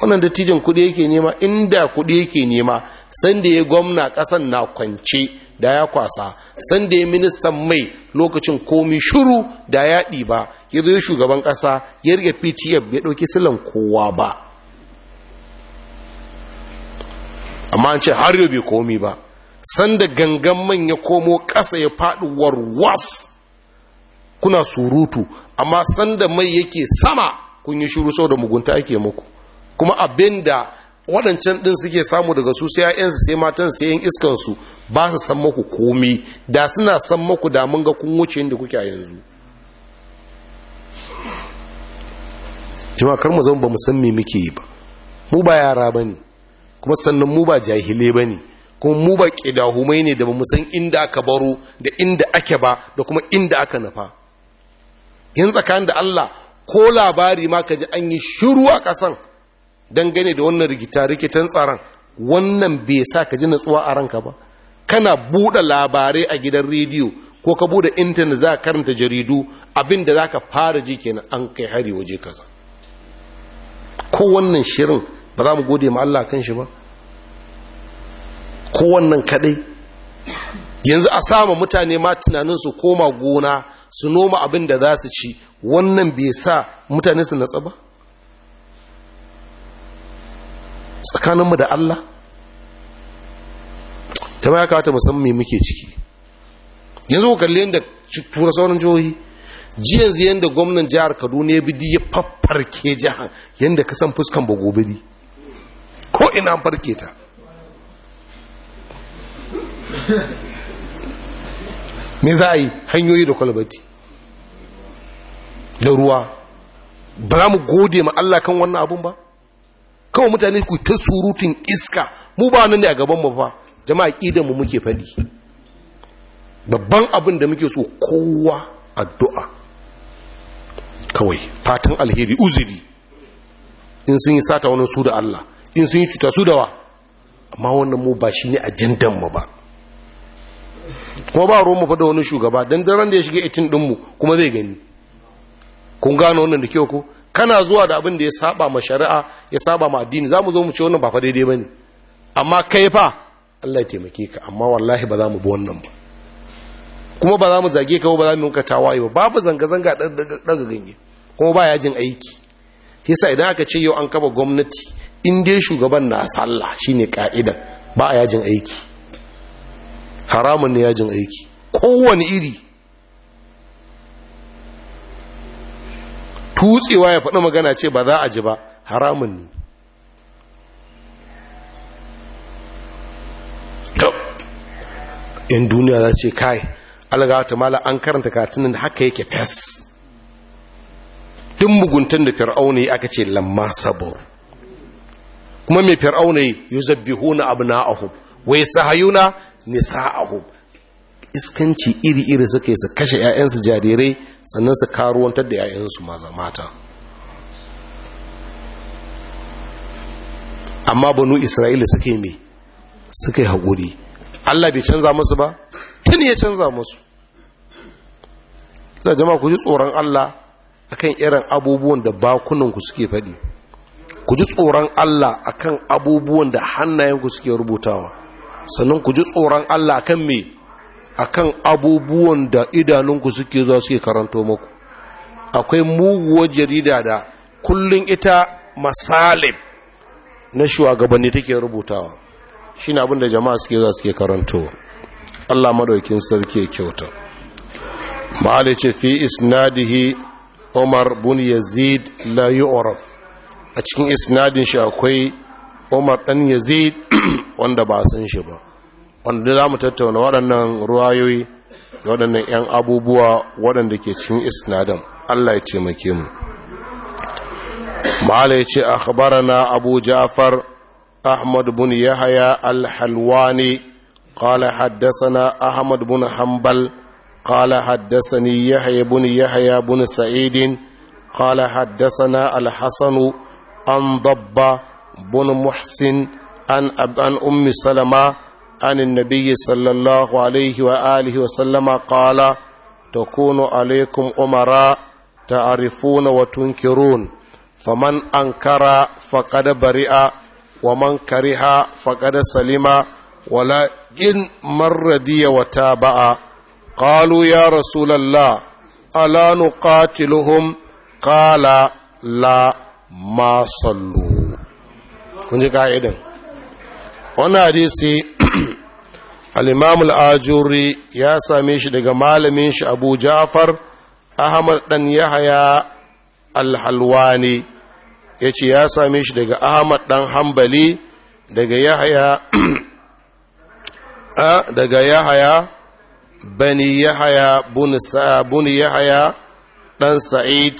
wannan dattijan kuɗi yake nema inda kuɗi yake nema sanda ya gwamna ƙasan na kwance da ya kwasa sanda ya ministan mai lokacin komi shuru da ya ɗi ba, ya zo shugaban ƙasa ya rike ptf ya ɗauki silan kowa ba amma an ce har yau bai komi ba sanda gangan man ya komo ƙasa ya faɗi warwas kuna surutu amma sanda mai yake sama kun yi shuru sau da mugunta ake muku kuma abin da waɗancan ɗin suke samu daga su sai ‘ya'yansu sai matan sai ‘yan iskansu ba su san maku komi da suna san maku da mun ga kun wuce inda kuke a yanzu jima kar mu zama ba mu san me muke yi ba mu ba yara ba ne kuma sannan mu ba jahile ba ne kuma mu ba ƙidahumai ne da ba san inda aka baro da inda ake ba da kuma inda aka nufa yin tsakanin da Allah ko labari ma ka ji an yi shiru a ƙasan dangane da wannan rikita rikitan tsaron wannan bai sa ka ji natsuwa a ranka ba kana buɗe labarai a gidan rediyo ko ka buɗe intanet za ka karanta jaridu abin da za ka fara ji kenan an kai hari waje kaza ko wannan shirin ba za mu gode ma Allah kan shi ba kowannan kadai yanzu a sama mutane ma tunanin su koma gona su noma abin da za su ci wannan bai sa mutane su natsa ba tsakaninmu da Allah ta ya kawata musamman muke ciki yanzu ku kalli yadda tura sauran jihohi ji yanzu yadda gwamnan jihar kaduna ya bidi ya faffarke jihar yadda ka fuskan ba gobe ko ina farke ta me za a yi hanyoyi da kwalbati da ruwa ba za mu gode ma Allah kan wannan abun ba kawai mutane ku ta surutun iska mu ba nan ne a gaban mu ba jama'a idan mu muke faɗi babban abin da muke so kowa addu'a kawai fatan alheri uzuri in sun yi sata wani su da Allah in sun yi cuta su dawa amma wannan mu ba shi ne a mu ba kuma ba ruwan mu fada wani shugaba don daren da ya shiga itin ɗinmu kuma zai gani kun gano wannan da kyau ko kana zuwa da abin da ya saba ma shari'a ya saba ma addini za mu zo mu ce wannan ba fa daidai ba ne amma kai fa allah ya taimake ka amma wallahi ba za mu bi wannan ba kuma ba za mu zage ka ba za mu yanka tawaye ba babu zanga-zanga daga ganye kuma ba yajin aiki yasa idan aka ce yau an kaba gwamnati in dai shugaban na sallah shine ka'idan ba a yajin aiki haramun ne yajin aiki kowane iri tutsewa ya faɗi magana ce ba za a ji ba haramun ne yan duniya za ce kai algawa ta mala an karanta katunan haka yake fes din muguntan da fir'auni aka ce lamma sabor kuma mai fir'auna yi wai abna'ahum wa nisa ahu iskanci iri-iri suke su kashe 'ya'yansu jarirai sannan su karuwantar da 'ya'yansu maza mata amma banu isra'ila suke mai yi haƙuri allah bai canza musu ba tun ya canza musu da jama'a ku ji tsoron allah akan irin abubuwan da bakunanku suke faɗi ku ji tsoron Allah akan abubuwan da hannayenku suke rubutawa sannan ku ji tsoron Allah kan me akan abubuwan da idanunku suke zuwa suke karanto maku. akwai muguwa jarida da kullun ita masalib na shugabanni take rubutawa shine abin da jama'a suke zuwa suke karanto Allah madaukin sarki kyauta malice fi isnadihi Umar bin Yazid la yu'raf a cikin isnadin shi akwai umar dan yazid wanda ba san shi ba wanda za mu tattauna waɗannan ruwayoyi da waɗannan 'yan abubuwa waɗanda ke cikin isnadin allah ya taimake mu ma'ala ya ce akhbarana abu ja'far ahmad bin yahaya al-halwani قال ahmad أحمد بن حنبل قال bun يحيى بن bun sa'idin سعيد haddasa na alhassanu an dabba bun muhsin an an ummi salama an annabi sallallahu alaihi wa alihi wa sallama qala takunu alaikum umara ta'rifuna wa tunkirun faman ankara faqad bari'a wa man kariha faqad salima wala in marradiya wa taba'a qalu ya rasulallah ala nuqatiluhum qala la ma sallu kun ji ka'idan wannan hadisi al-imam ajuri ya same shi daga malamin shi abu ja'far ahmad dan yahya al-halwani yace ya same shi daga ahmad dan hanbali daga yahya ah, daga yahya bani yahya bun sa bun yahya dan sa'id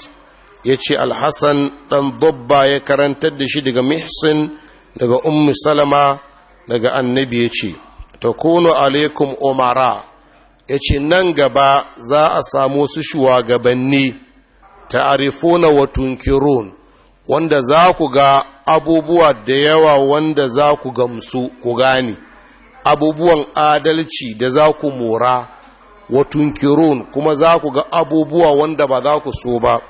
ya ce alhassan ɗan babba ya karantar da shi daga mihsin daga ummu salama daga annabi ya ce ta kuno alaikum umara ya ce nan gaba za a samu su shugabanni ta'arifuna wa tunkirun wanda za ku ga abubuwa da yawa wanda za ku gamsu ku gane abubuwan adalci da za ku mora wa tunkirun kuma za ku ga abubuwa wanda ba za ku so ba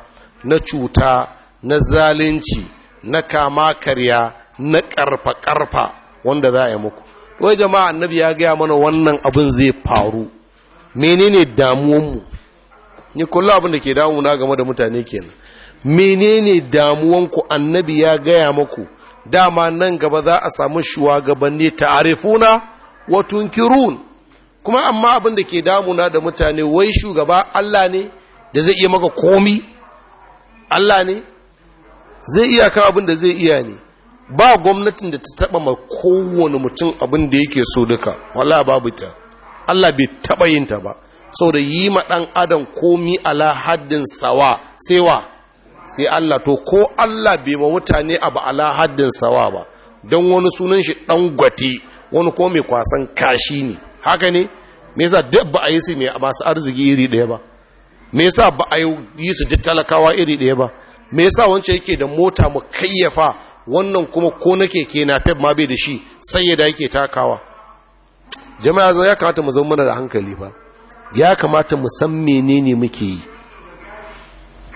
na cuta na zalunci na kama karya na karfa-karfa wanda za a yi muku wai jama'a annabi ya gaya mana wannan abin zai faru menene damuwanmu ni kullum abin da ke damuna game da mutane kenan menene damuwanku annabi ya gaya maku dama nan gaba za a samu shugabanni ta'arifuna Watunkirun. kirun kuma amma abin da ke damuna da mutane wai shugaba Allah ne da zai iya maka komi Allah ne zai iya kan abin da zai iya ne ba gwamnatin da ta taba ma kowane mutum abin da yake so duka wala babu ta Allah bai taba yin ta ba Sau da yi ma ɗan adam komi ala haddin sawa sai wa sai Allah to ko Allah bai ma mutane abu ala haddin sawa ba don wani sunan shi ɗan gwate wani ko mai kwasan kashi ne haka ne me yasa dabba a yi su mai masu arziki iri ɗaya ba me yasa ba a yi su duk talakawa iri ɗaya ba me yasa wancan yake da mota mu kayyafa wannan kuma ko na keke na fef ma bai da shi sai ya dake takawa jama'a zai ya kamata mu zama da hankali ba ya kamata mu san menene muke yi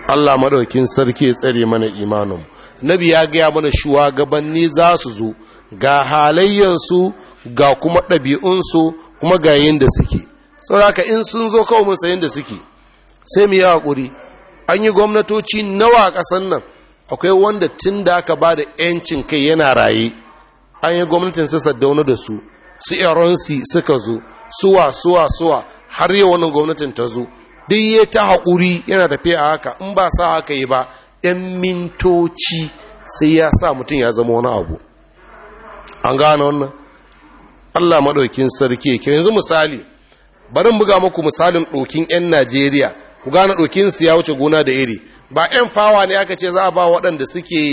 Allah madaukin sarki tsare mana imanin nabi ya gaya mana shugabanni za su zo ga halayyansu ga kuma ɗabi'unsu kuma ga yin da suke sauraka in sun zo kawo mun sayin da suke sai mu yi haƙuri an yi gwamnatoci nawa a ƙasar nan akwai wanda tun da aka ba da 'yancin kai yana raye an yi gwamnatin su saddauna da su su ironsi suka zo suwa suwa suwa har yi wani gwamnatin ta zo duk ya ta haƙuri yana tafiya a haka in ba sa haka yi ba 'yan mintoci sai ya sa mutum ya zama wani abu an gane wannan allah maɗaukin sarki ke yanzu misali barin buga muku misalin ɗokin 'yan najeriya ku gane su ya wuce gona da iri ba 'yan fawa ne aka ce za a ba waɗanda suke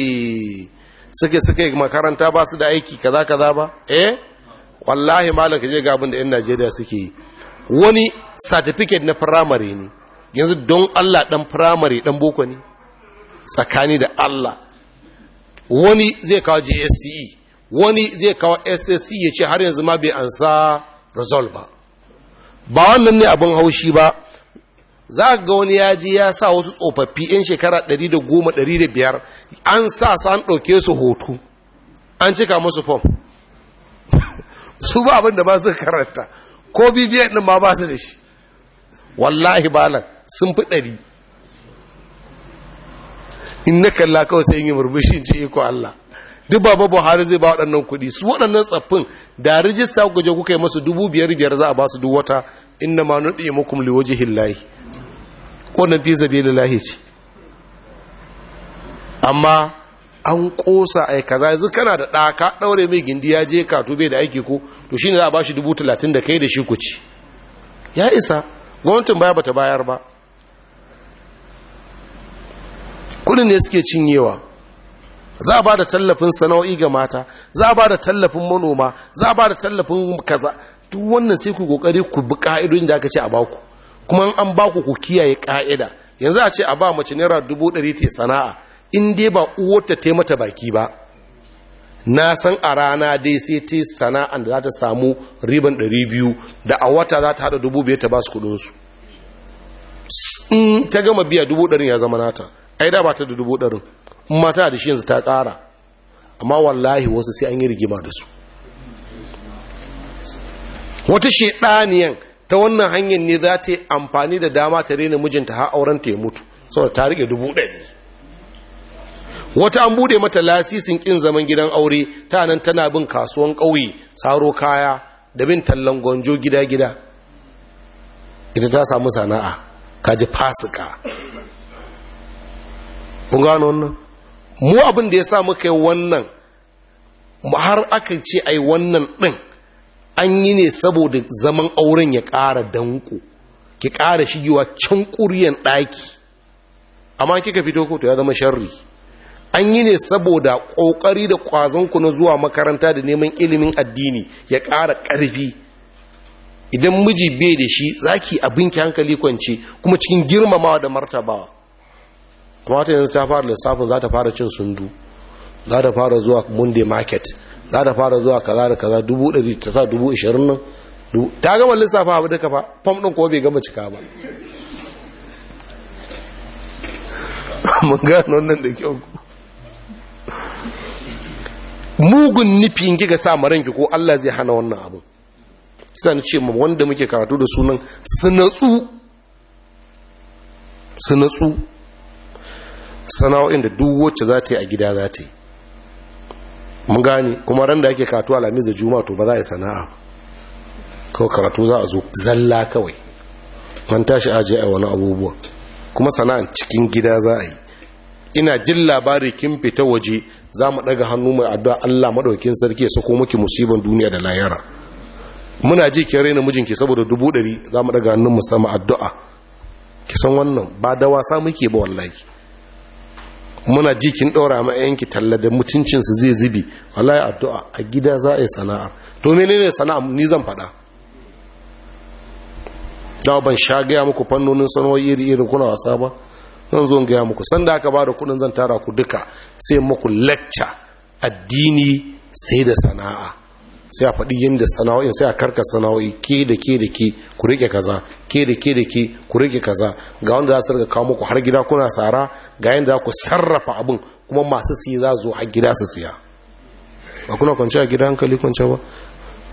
suke suke makaranta ba su da aiki kaza kaza ba eh wallahi malam ka je ga abin da 'yan najeriya suke yi wani certificate na firamare ne yanzu don allah dan firamare dan boko ne tsakani da allah wani zai kawo jsce wani zai kawo ssc ya ce har yanzu ma bai ansa result ba ba wannan ne abin haushi ba za ga wani ya ji ya sa wasu tsofaffi 'yan shekara 110-105 an sa sa an ɗauke su hoto an cika musu fom su ba abin da ba su karanta ko bibiyan ɗin ba ba su da shi wallahi balan sun fi ɗari in na kalla kawai sai yi murmushi ce iko Allah duk babu buhari zai ba waɗannan kuɗi su waɗannan tsaffin da rijista kuka kuka yi masu dubu biyar biyar za a ba su duk wata inna ma nuɗi mukum liwaji hillahi wannan fi sabilillahi ce amma an kosa ai kaza yanzu kana da ɗaka ɗaure mai gindi ya je ka to bai da aiki ko to shine za a bashi dubu talatin da kai da shi ku ci ya isa gwamnatin baya bata bayar ba kudin ne suke cinyewa za a ba da tallafin sana'o'i ga mata za a ba da tallafin manoma za a ba da tallafin kaza duk wannan sai ku kokari ku bi ka'idojin da aka ce a baku kuma an ba ku ku kiyaye ka'ida yanzu a ce a ba mace naira dubu ɗari ta sana'a in dai ba uwarta ta mata baki ba na san a rana dai sai ta sana'a da za ta samu riban ɗari biyu da a wata za ta haɗa dubu biyar ta ba su kuɗinsu in ta gama biya dubu ɗarin ya zama nata ai da ba ta da dubu ɗarin in mata da shi yanzu ta ƙara amma wallahi wasu sai an yi rigima da su wata shaɗaniyan ta wannan hanyar ne za ta yi amfani da dama ta rena mijinta har auren ta ya mutu saboda ta rike dubu ɗari wata an bude mata lasisin ƙin zaman gidan aure ta nan tana bin kasuwan ƙauye tsaro kaya da bin tallan gwanjo gida-gida ita ta samu sana'a Ka ji fasika kun gano wannan mu abin da ya sa muka yi wannan har aka ce ai wannan ɗin an yi ne saboda zaman auren ya ƙara danko ki ƙara shigewa can ƙuriyan ɗaki amma kika fito kotu ya zama sharri an yi ne saboda ƙoƙari da ƙwazonku na zuwa makaranta da neman ilimin addini ya ƙara ƙarfi idan miji bai da shi zaki abin ki hankali kwance kuma cikin girmamawa da martabawa kuma ta yanzu ta fara lissafin za ta fara cin sundu za ta fara zuwa monday market za ta fara zuwa kaza da kaza dubu ɗari ta sa dubu ishirin nan ta gama lissafa abu duka fa fam ɗin kuma bai gama cika ba mun gano nan da kyau mugun nufin giga sa maranki ko Allah zai hana wannan abu sai na ce mu wanda muke karatu da sunan sunatsu sunatsu sana'o'in da duk wacce za ta yi a gida za ta yi mun gane kuma ran da ake katuwa alhamis da juma'a to ba za a yi sana'a kawai karatu za a zo zalla kawai an tashi aje a wani abubuwa kuma sana'an cikin gida za a yi ina jin labari kin fita waje za mu ɗaga hannu mai addu'a Allah maɗaukin sarki ya sako maki musiban duniya da layara muna ji kin raina mijinki saboda dubu ɗari za mu ɗaga hannun mu sama addu'a ki san wannan ba da wasa muke ba wallahi muna jikin ɗora ma yanki talla da mutuncinsu zai zubi wallahi addu'a a gida za a sana'a to menene sana'a ni zan faɗa da ban sha gaya muku fannonin sanoyi iri iri kuna wasa ba zan zo gaya muku sanda aka ba da kuɗin zan tara ku duka sai muku lacca addini sai da sana'a sai a faɗi yadda sana'o'in sai a karka sana'o'i ke da ke da ke ku rike kaza ke da ke da ke ku rike kaza ga wanda za su rika kawo muku har gida kuna sara ga yadda za ku sarrafa abin kuma masu siya za zo har gida su siya ba kuna kwanci a gida hankali kwanci ba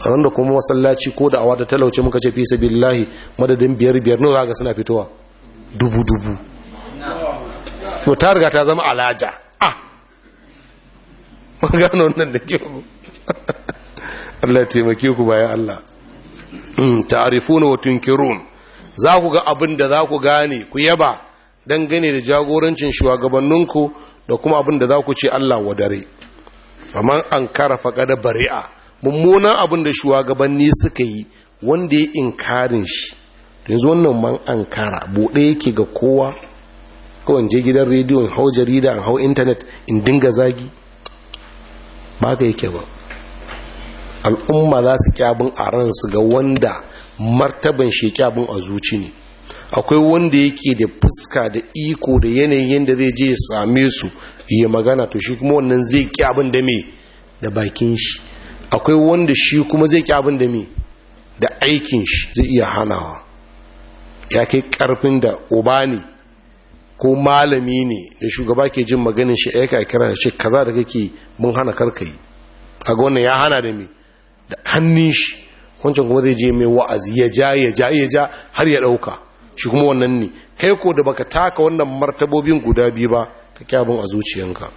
a ran da kuma masallaci ko da awa da talauce muka ce fi lahi madadin biyar biyar nawa ga suna fitowa dubu dubu to ta riga ta zama alaja ah mun gano wannan da ke Allah taimake ku bayan Allah hmm, Ta'arifuna wa tunkirun za ku ga abin da za ku gane ku yaba dan gane da jagorancin shugabanninku da kuma abin da za ku ce Allah wa wadare faman ankara faqada bari'a mummunan abin da shugabanni suka yi wanda ya inkarin shi yanzu wannan man kara bude yake ga kowa kawai je gidan rediyo in hau jarida in hau intanet in dinga zagi ba ka yake ba al'umma za su kyabin a su ga wanda martaban shi kyabin a zuci ne akwai wanda yake da fuska da iko da yanayin da zai je ya same su ya magana to shi kuma wannan zai kyabin da me da bakin shi akwai wanda shi kuma zai kyabin da me da aikin shi zai iya hanawa ya kai karfin da uba ne ko malami ne da shugaba ke jin maganin shi aika kira shi kaza da kake mun hana karkai kaga wannan ya hana da me da hannun shi wancan kuma zai je mai wa'azi ya ja ya ja ya ja har ya ɗauka shi kuma wannan ne kai ko da baka taka wannan martabobin guda biyu ba ka kyabin a zuciyanka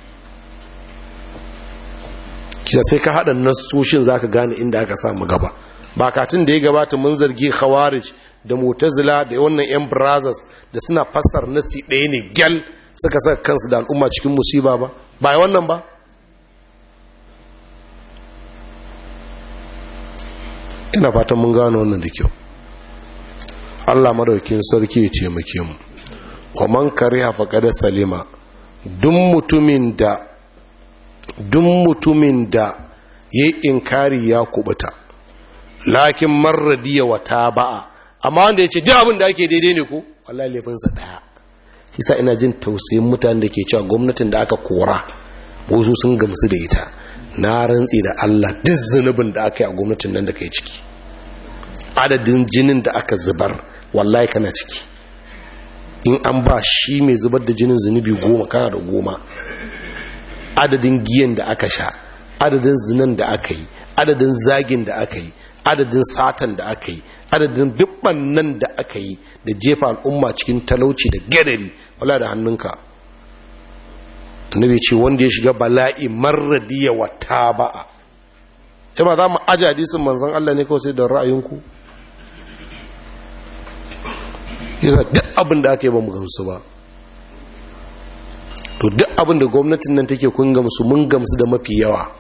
kisa sai ka haɗa nasoshin za ka gane inda aka samu gaba bakatun da ya gabata mun zargi khawarij da mutazila da wannan yan brazas da suna fassar nasi ɗaya ne gyal suka saka kansu da al'umma cikin musiba ba ba wannan ba ina fatan mun gano wannan da kyau Allah madaukin sarki ya taimake mu wa man kariha faqad salima Dun mutumin da dun mutumin da yayi inkari ya kubuta lakin marradiya wa taba'a amma wanda yace duk abin da ake daidai ne ko wallahi laifin sa daya yasa ina jin tausayin mutanen da ke cewa gwamnatin da aka kora wasu sun gamsu da ita na rantsi da Allah duk zunubin da aka yi a gwamnatin nan da ka yi ciki adadin jinin da aka zubar wallahi kana ciki in an ba shi mai zubar da jinin zunubi goma kana da goma adadin giyan da aka sha adadin zinan da aka yi adadin zagin da aka yi adadin satan da aka yi adadin dubban nan da aka yi da jefa al'umma cikin talauci da gadari wala da hannunka annabi ce wanda ya shiga bala'i marradiya wa taba'a ta ba za mu aji hadisin manzan Allah ne kawai sai da ra'ayinku yasa duk abin da aka yi ba mu gamsu ba to duk abin da gwamnatin nan take kun gamsu mun gamsu da mafi yawa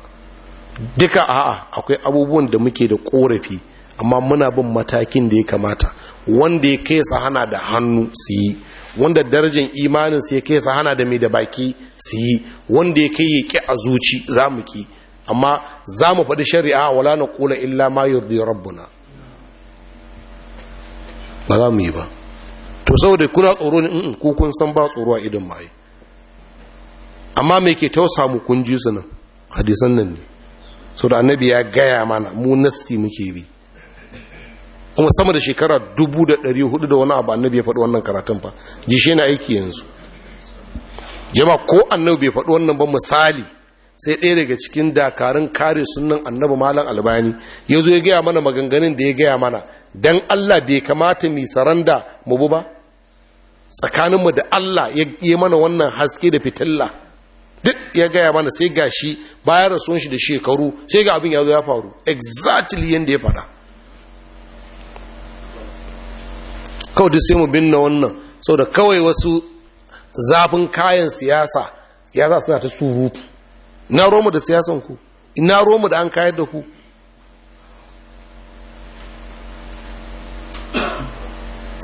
duka a'a akwai abubuwan da muke da korafi amma muna bin matakin da ya kamata wanda ya kai hana da hannu su yi wanda darajar imanin sai kai sa hana da mai da baki su yi wanda ya kai yake a zuci za mu ki amma za mu faɗi shari'a wala na kula illa ma yurdi rabbuna ba za mu yi ba to saboda kuna tsoro ne in ku san ba tsoro a idan mai amma me ke tausa mu kun ji su nan hadisan nan ne saboda annabi ya gaya mana mu nassi muke bi kuma sama da shekara dubu da ɗari hudu da wani abu annabi ya faɗi wannan karatun ba ji shi na aiki yanzu jama ko annabi bai faɗi wannan ba misali sai ɗaya daga cikin dakarun kare sunan annabi malam albani ya zo ya gaya mana maganganun da ya gaya mana don allah bai kamata mai saranda mu bu ba tsakaninmu da allah ya yi mana wannan haske da fitilla duk ya gaya mana sai gashi bayan rasuwan shi da shekaru sai ga abin ya zo ya faru exactly yadda ya faɗa kawai duk sai mu binne wannan saboda kawai wasu zafin kayan siyasa ya za suna ta surutu na romu da siyasan ku ina romu da an kayar da ku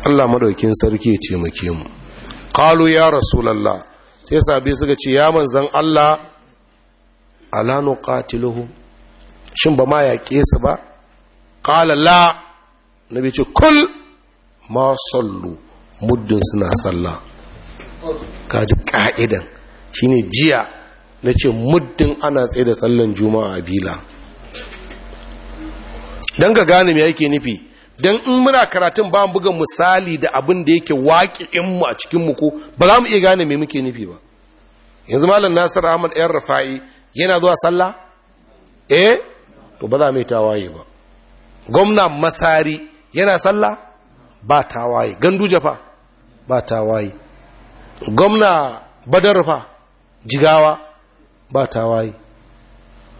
Allah madaukin sarki ya taimake mu Kalu ya rasu lalla. sai sabi suka ce ya manzan Allah alanu nuqatiluhu shin ba ma yaƙe su ba qala la nabi ce kul ma sallu muddin suna sallah kaji ka'idan shine jiya na ce muddin ana tsaye da sallan juma'a a bila don ga gane me yake nufi don in muna karatun ba mu buga misali da abin da yake waƙi'inmu a cikinmu ko ba za mu iya gane me muke nufi ba yanzu malam nasir ahmad yan rafa'i yana zuwa sallah eh to ba za mai tawaye ba gwamna masari yana sallah ba tawaye Ganduja fa ba tawaye gwamna badar fa jigawa ba tawaye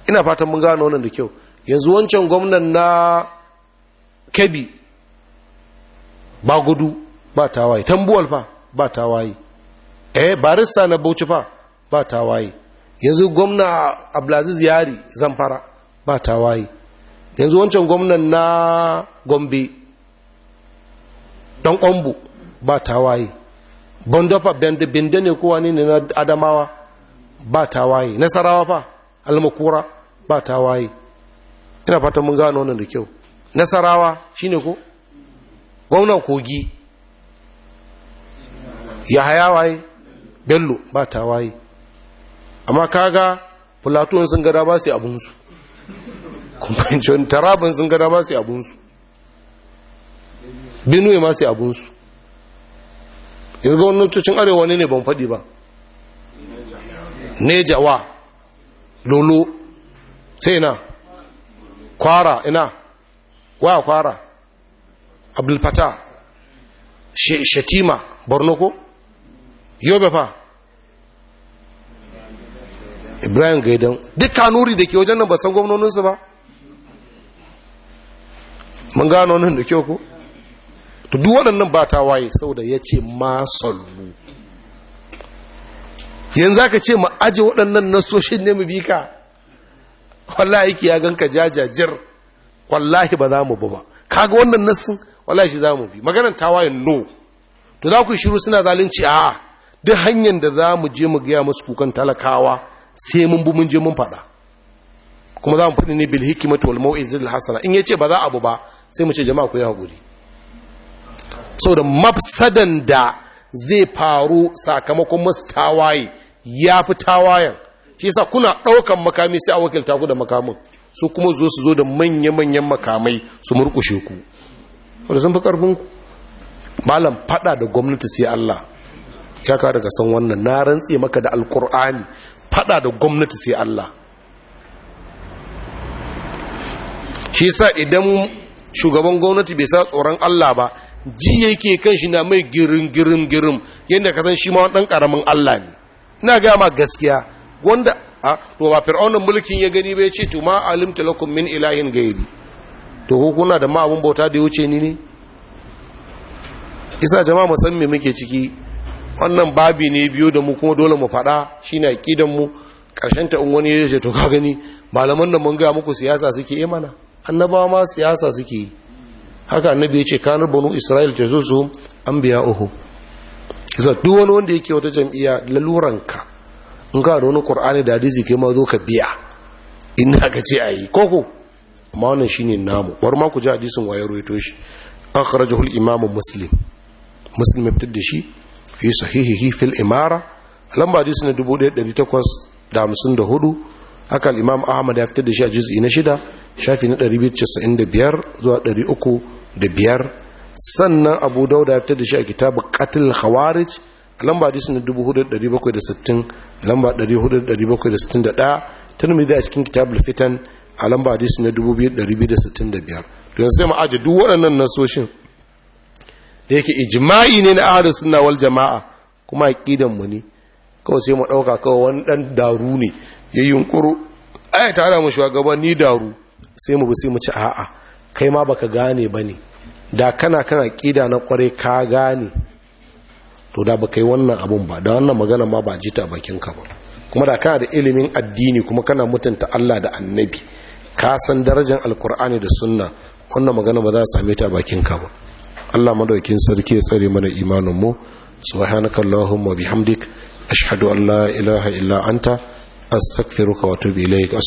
ina fatan mun gano wannan da kyau yanzu wancan gwamnan na kebi ba gudu ba tawaye tambuwal fa ba tawaye eh barista na bauchi fa ba tawaye yanzu gwamna abdulaziz yari zamfara ba tawaye yanzu wancan gwamnan na gombe don ombu ba tawaye Bandofa bende ne kowa ne na adamawa ba tawaye nasarawa fa almakura ba tawaye ina fata mun gano wannan da kyau nasarawa shine ko gwamnan kogi ya haya waye bello ba tawaye amma kaga fulatuwan sun gada ba su abunsu kuma tarabin sun gada ba su abunsu benue ma sai abunsu yanzu wani cocin arewa ne ne ban faɗi ba neja wa lolo sai ina kwara ina wa kwara abulfata shatima borno ko yobe fa ibrahim gaidan duk kanuri da ke wajen nan ba gwamnoninsu ba mun gano nan da kyau ko to duk waɗannan ba ta waye saboda ya ce ma sallu yanzu aka ce ma aji waɗannan soshin ne mu bi ka wallahi ki ya ganka jajajir wallahi ba za mu bi ba kaga wannan nassin wallahi shi za mu bi maganar ta waye no to za ku shiru suna zalunci a duk hanyar da za mu je mu gaya musu kukan talakawa sai mun bi mun je mun faɗa kuma za mu faɗi ne bil hikimatu wal mau'izil hasana in yace ba za abu ba sai mu ce jama'a ku yi haƙuri. saboda mafsadan da zai faru sakamakon masu tawaye ya fi tawayen shi sa kuna ɗaukan makami sai a wakilta ku da makamin su kuma zo su zo da manya-manyan makamai su murkushe ku wadda sun fi ƙarfinku malam fada da gwamnati sai Allah ya ka daga san wannan na rantse maka da alkur'ani fada da gwamnati sai Allah shi sa idan shugaban gwamnati bai sa tsoron Allah ba ji yake kan shi na mai girin girin girin yadda ka san shi ma ɗan ƙaramin Allah ne ina ga ma gaskiya wanda a to ba fir'aunin mulkin ya gani bai ce to ma alimta lakum min ilahin gairi to ko kuna da ma abun bauta da ya wuce ni ne isa jama'a musamman muke ciki wannan babi ne biyo da mu kuma dole mu faɗa shine aqidan mu karshen ta in wani ya ce to ka gani malaman da mun ga muku siyasa suke eh mana annabawa ma siyasa suke yi haka annabi ya ce kanar banu isra'il ta zuzu an biya uhu kisa duk wani wanda yake wata jam'iyya laluranka in ka da wani kur'ani da hadisi ke ma zo ka biya in haka ce ayi koko amma wannan ne namu war ma ku ji hadisin waye ruwaito shi akhrajahu al-imam muslim muslim ya fitar da shi fi sahihihi fil imara lamba hadisi na hudu haka al'imam imam ahmad ya fitar da shi a juz'i na shida shafi na 295 zuwa 305 sannan abu dauda ya fitar da shi a kitabu katil khawarij lamba hadisi na 4760 lamba 4761 tirmidhi a cikin kitabu fitan a lamba hadisi na 2265 don sai mu aje duk waɗannan nasoshin da yake ijma'i ne na ahlus sunna wal jama'a kuma aqidan mu ne kawai sai mu dauka kawai wani dan daru ne yayin kuru ai tare mu shugabanni daru sai mu sai mu ci a'a kai ma baka gane bane da kana kana ƙida na kware ka gane to da baka yi wannan abun ba da wannan magana ma ba ji bakin ka ba kuma da kana da ilimin addini kuma kana mutunta Allah da annabi ka san darajar alkur'ani da sunna wannan magana ba za ta same ta bakin ka ba Allah madaukin sarki ya tsare mana imanin mu subhanaka allahumma bihamdik ashhadu an la ilaha illa anta astaghfiruka wa atubu ilaik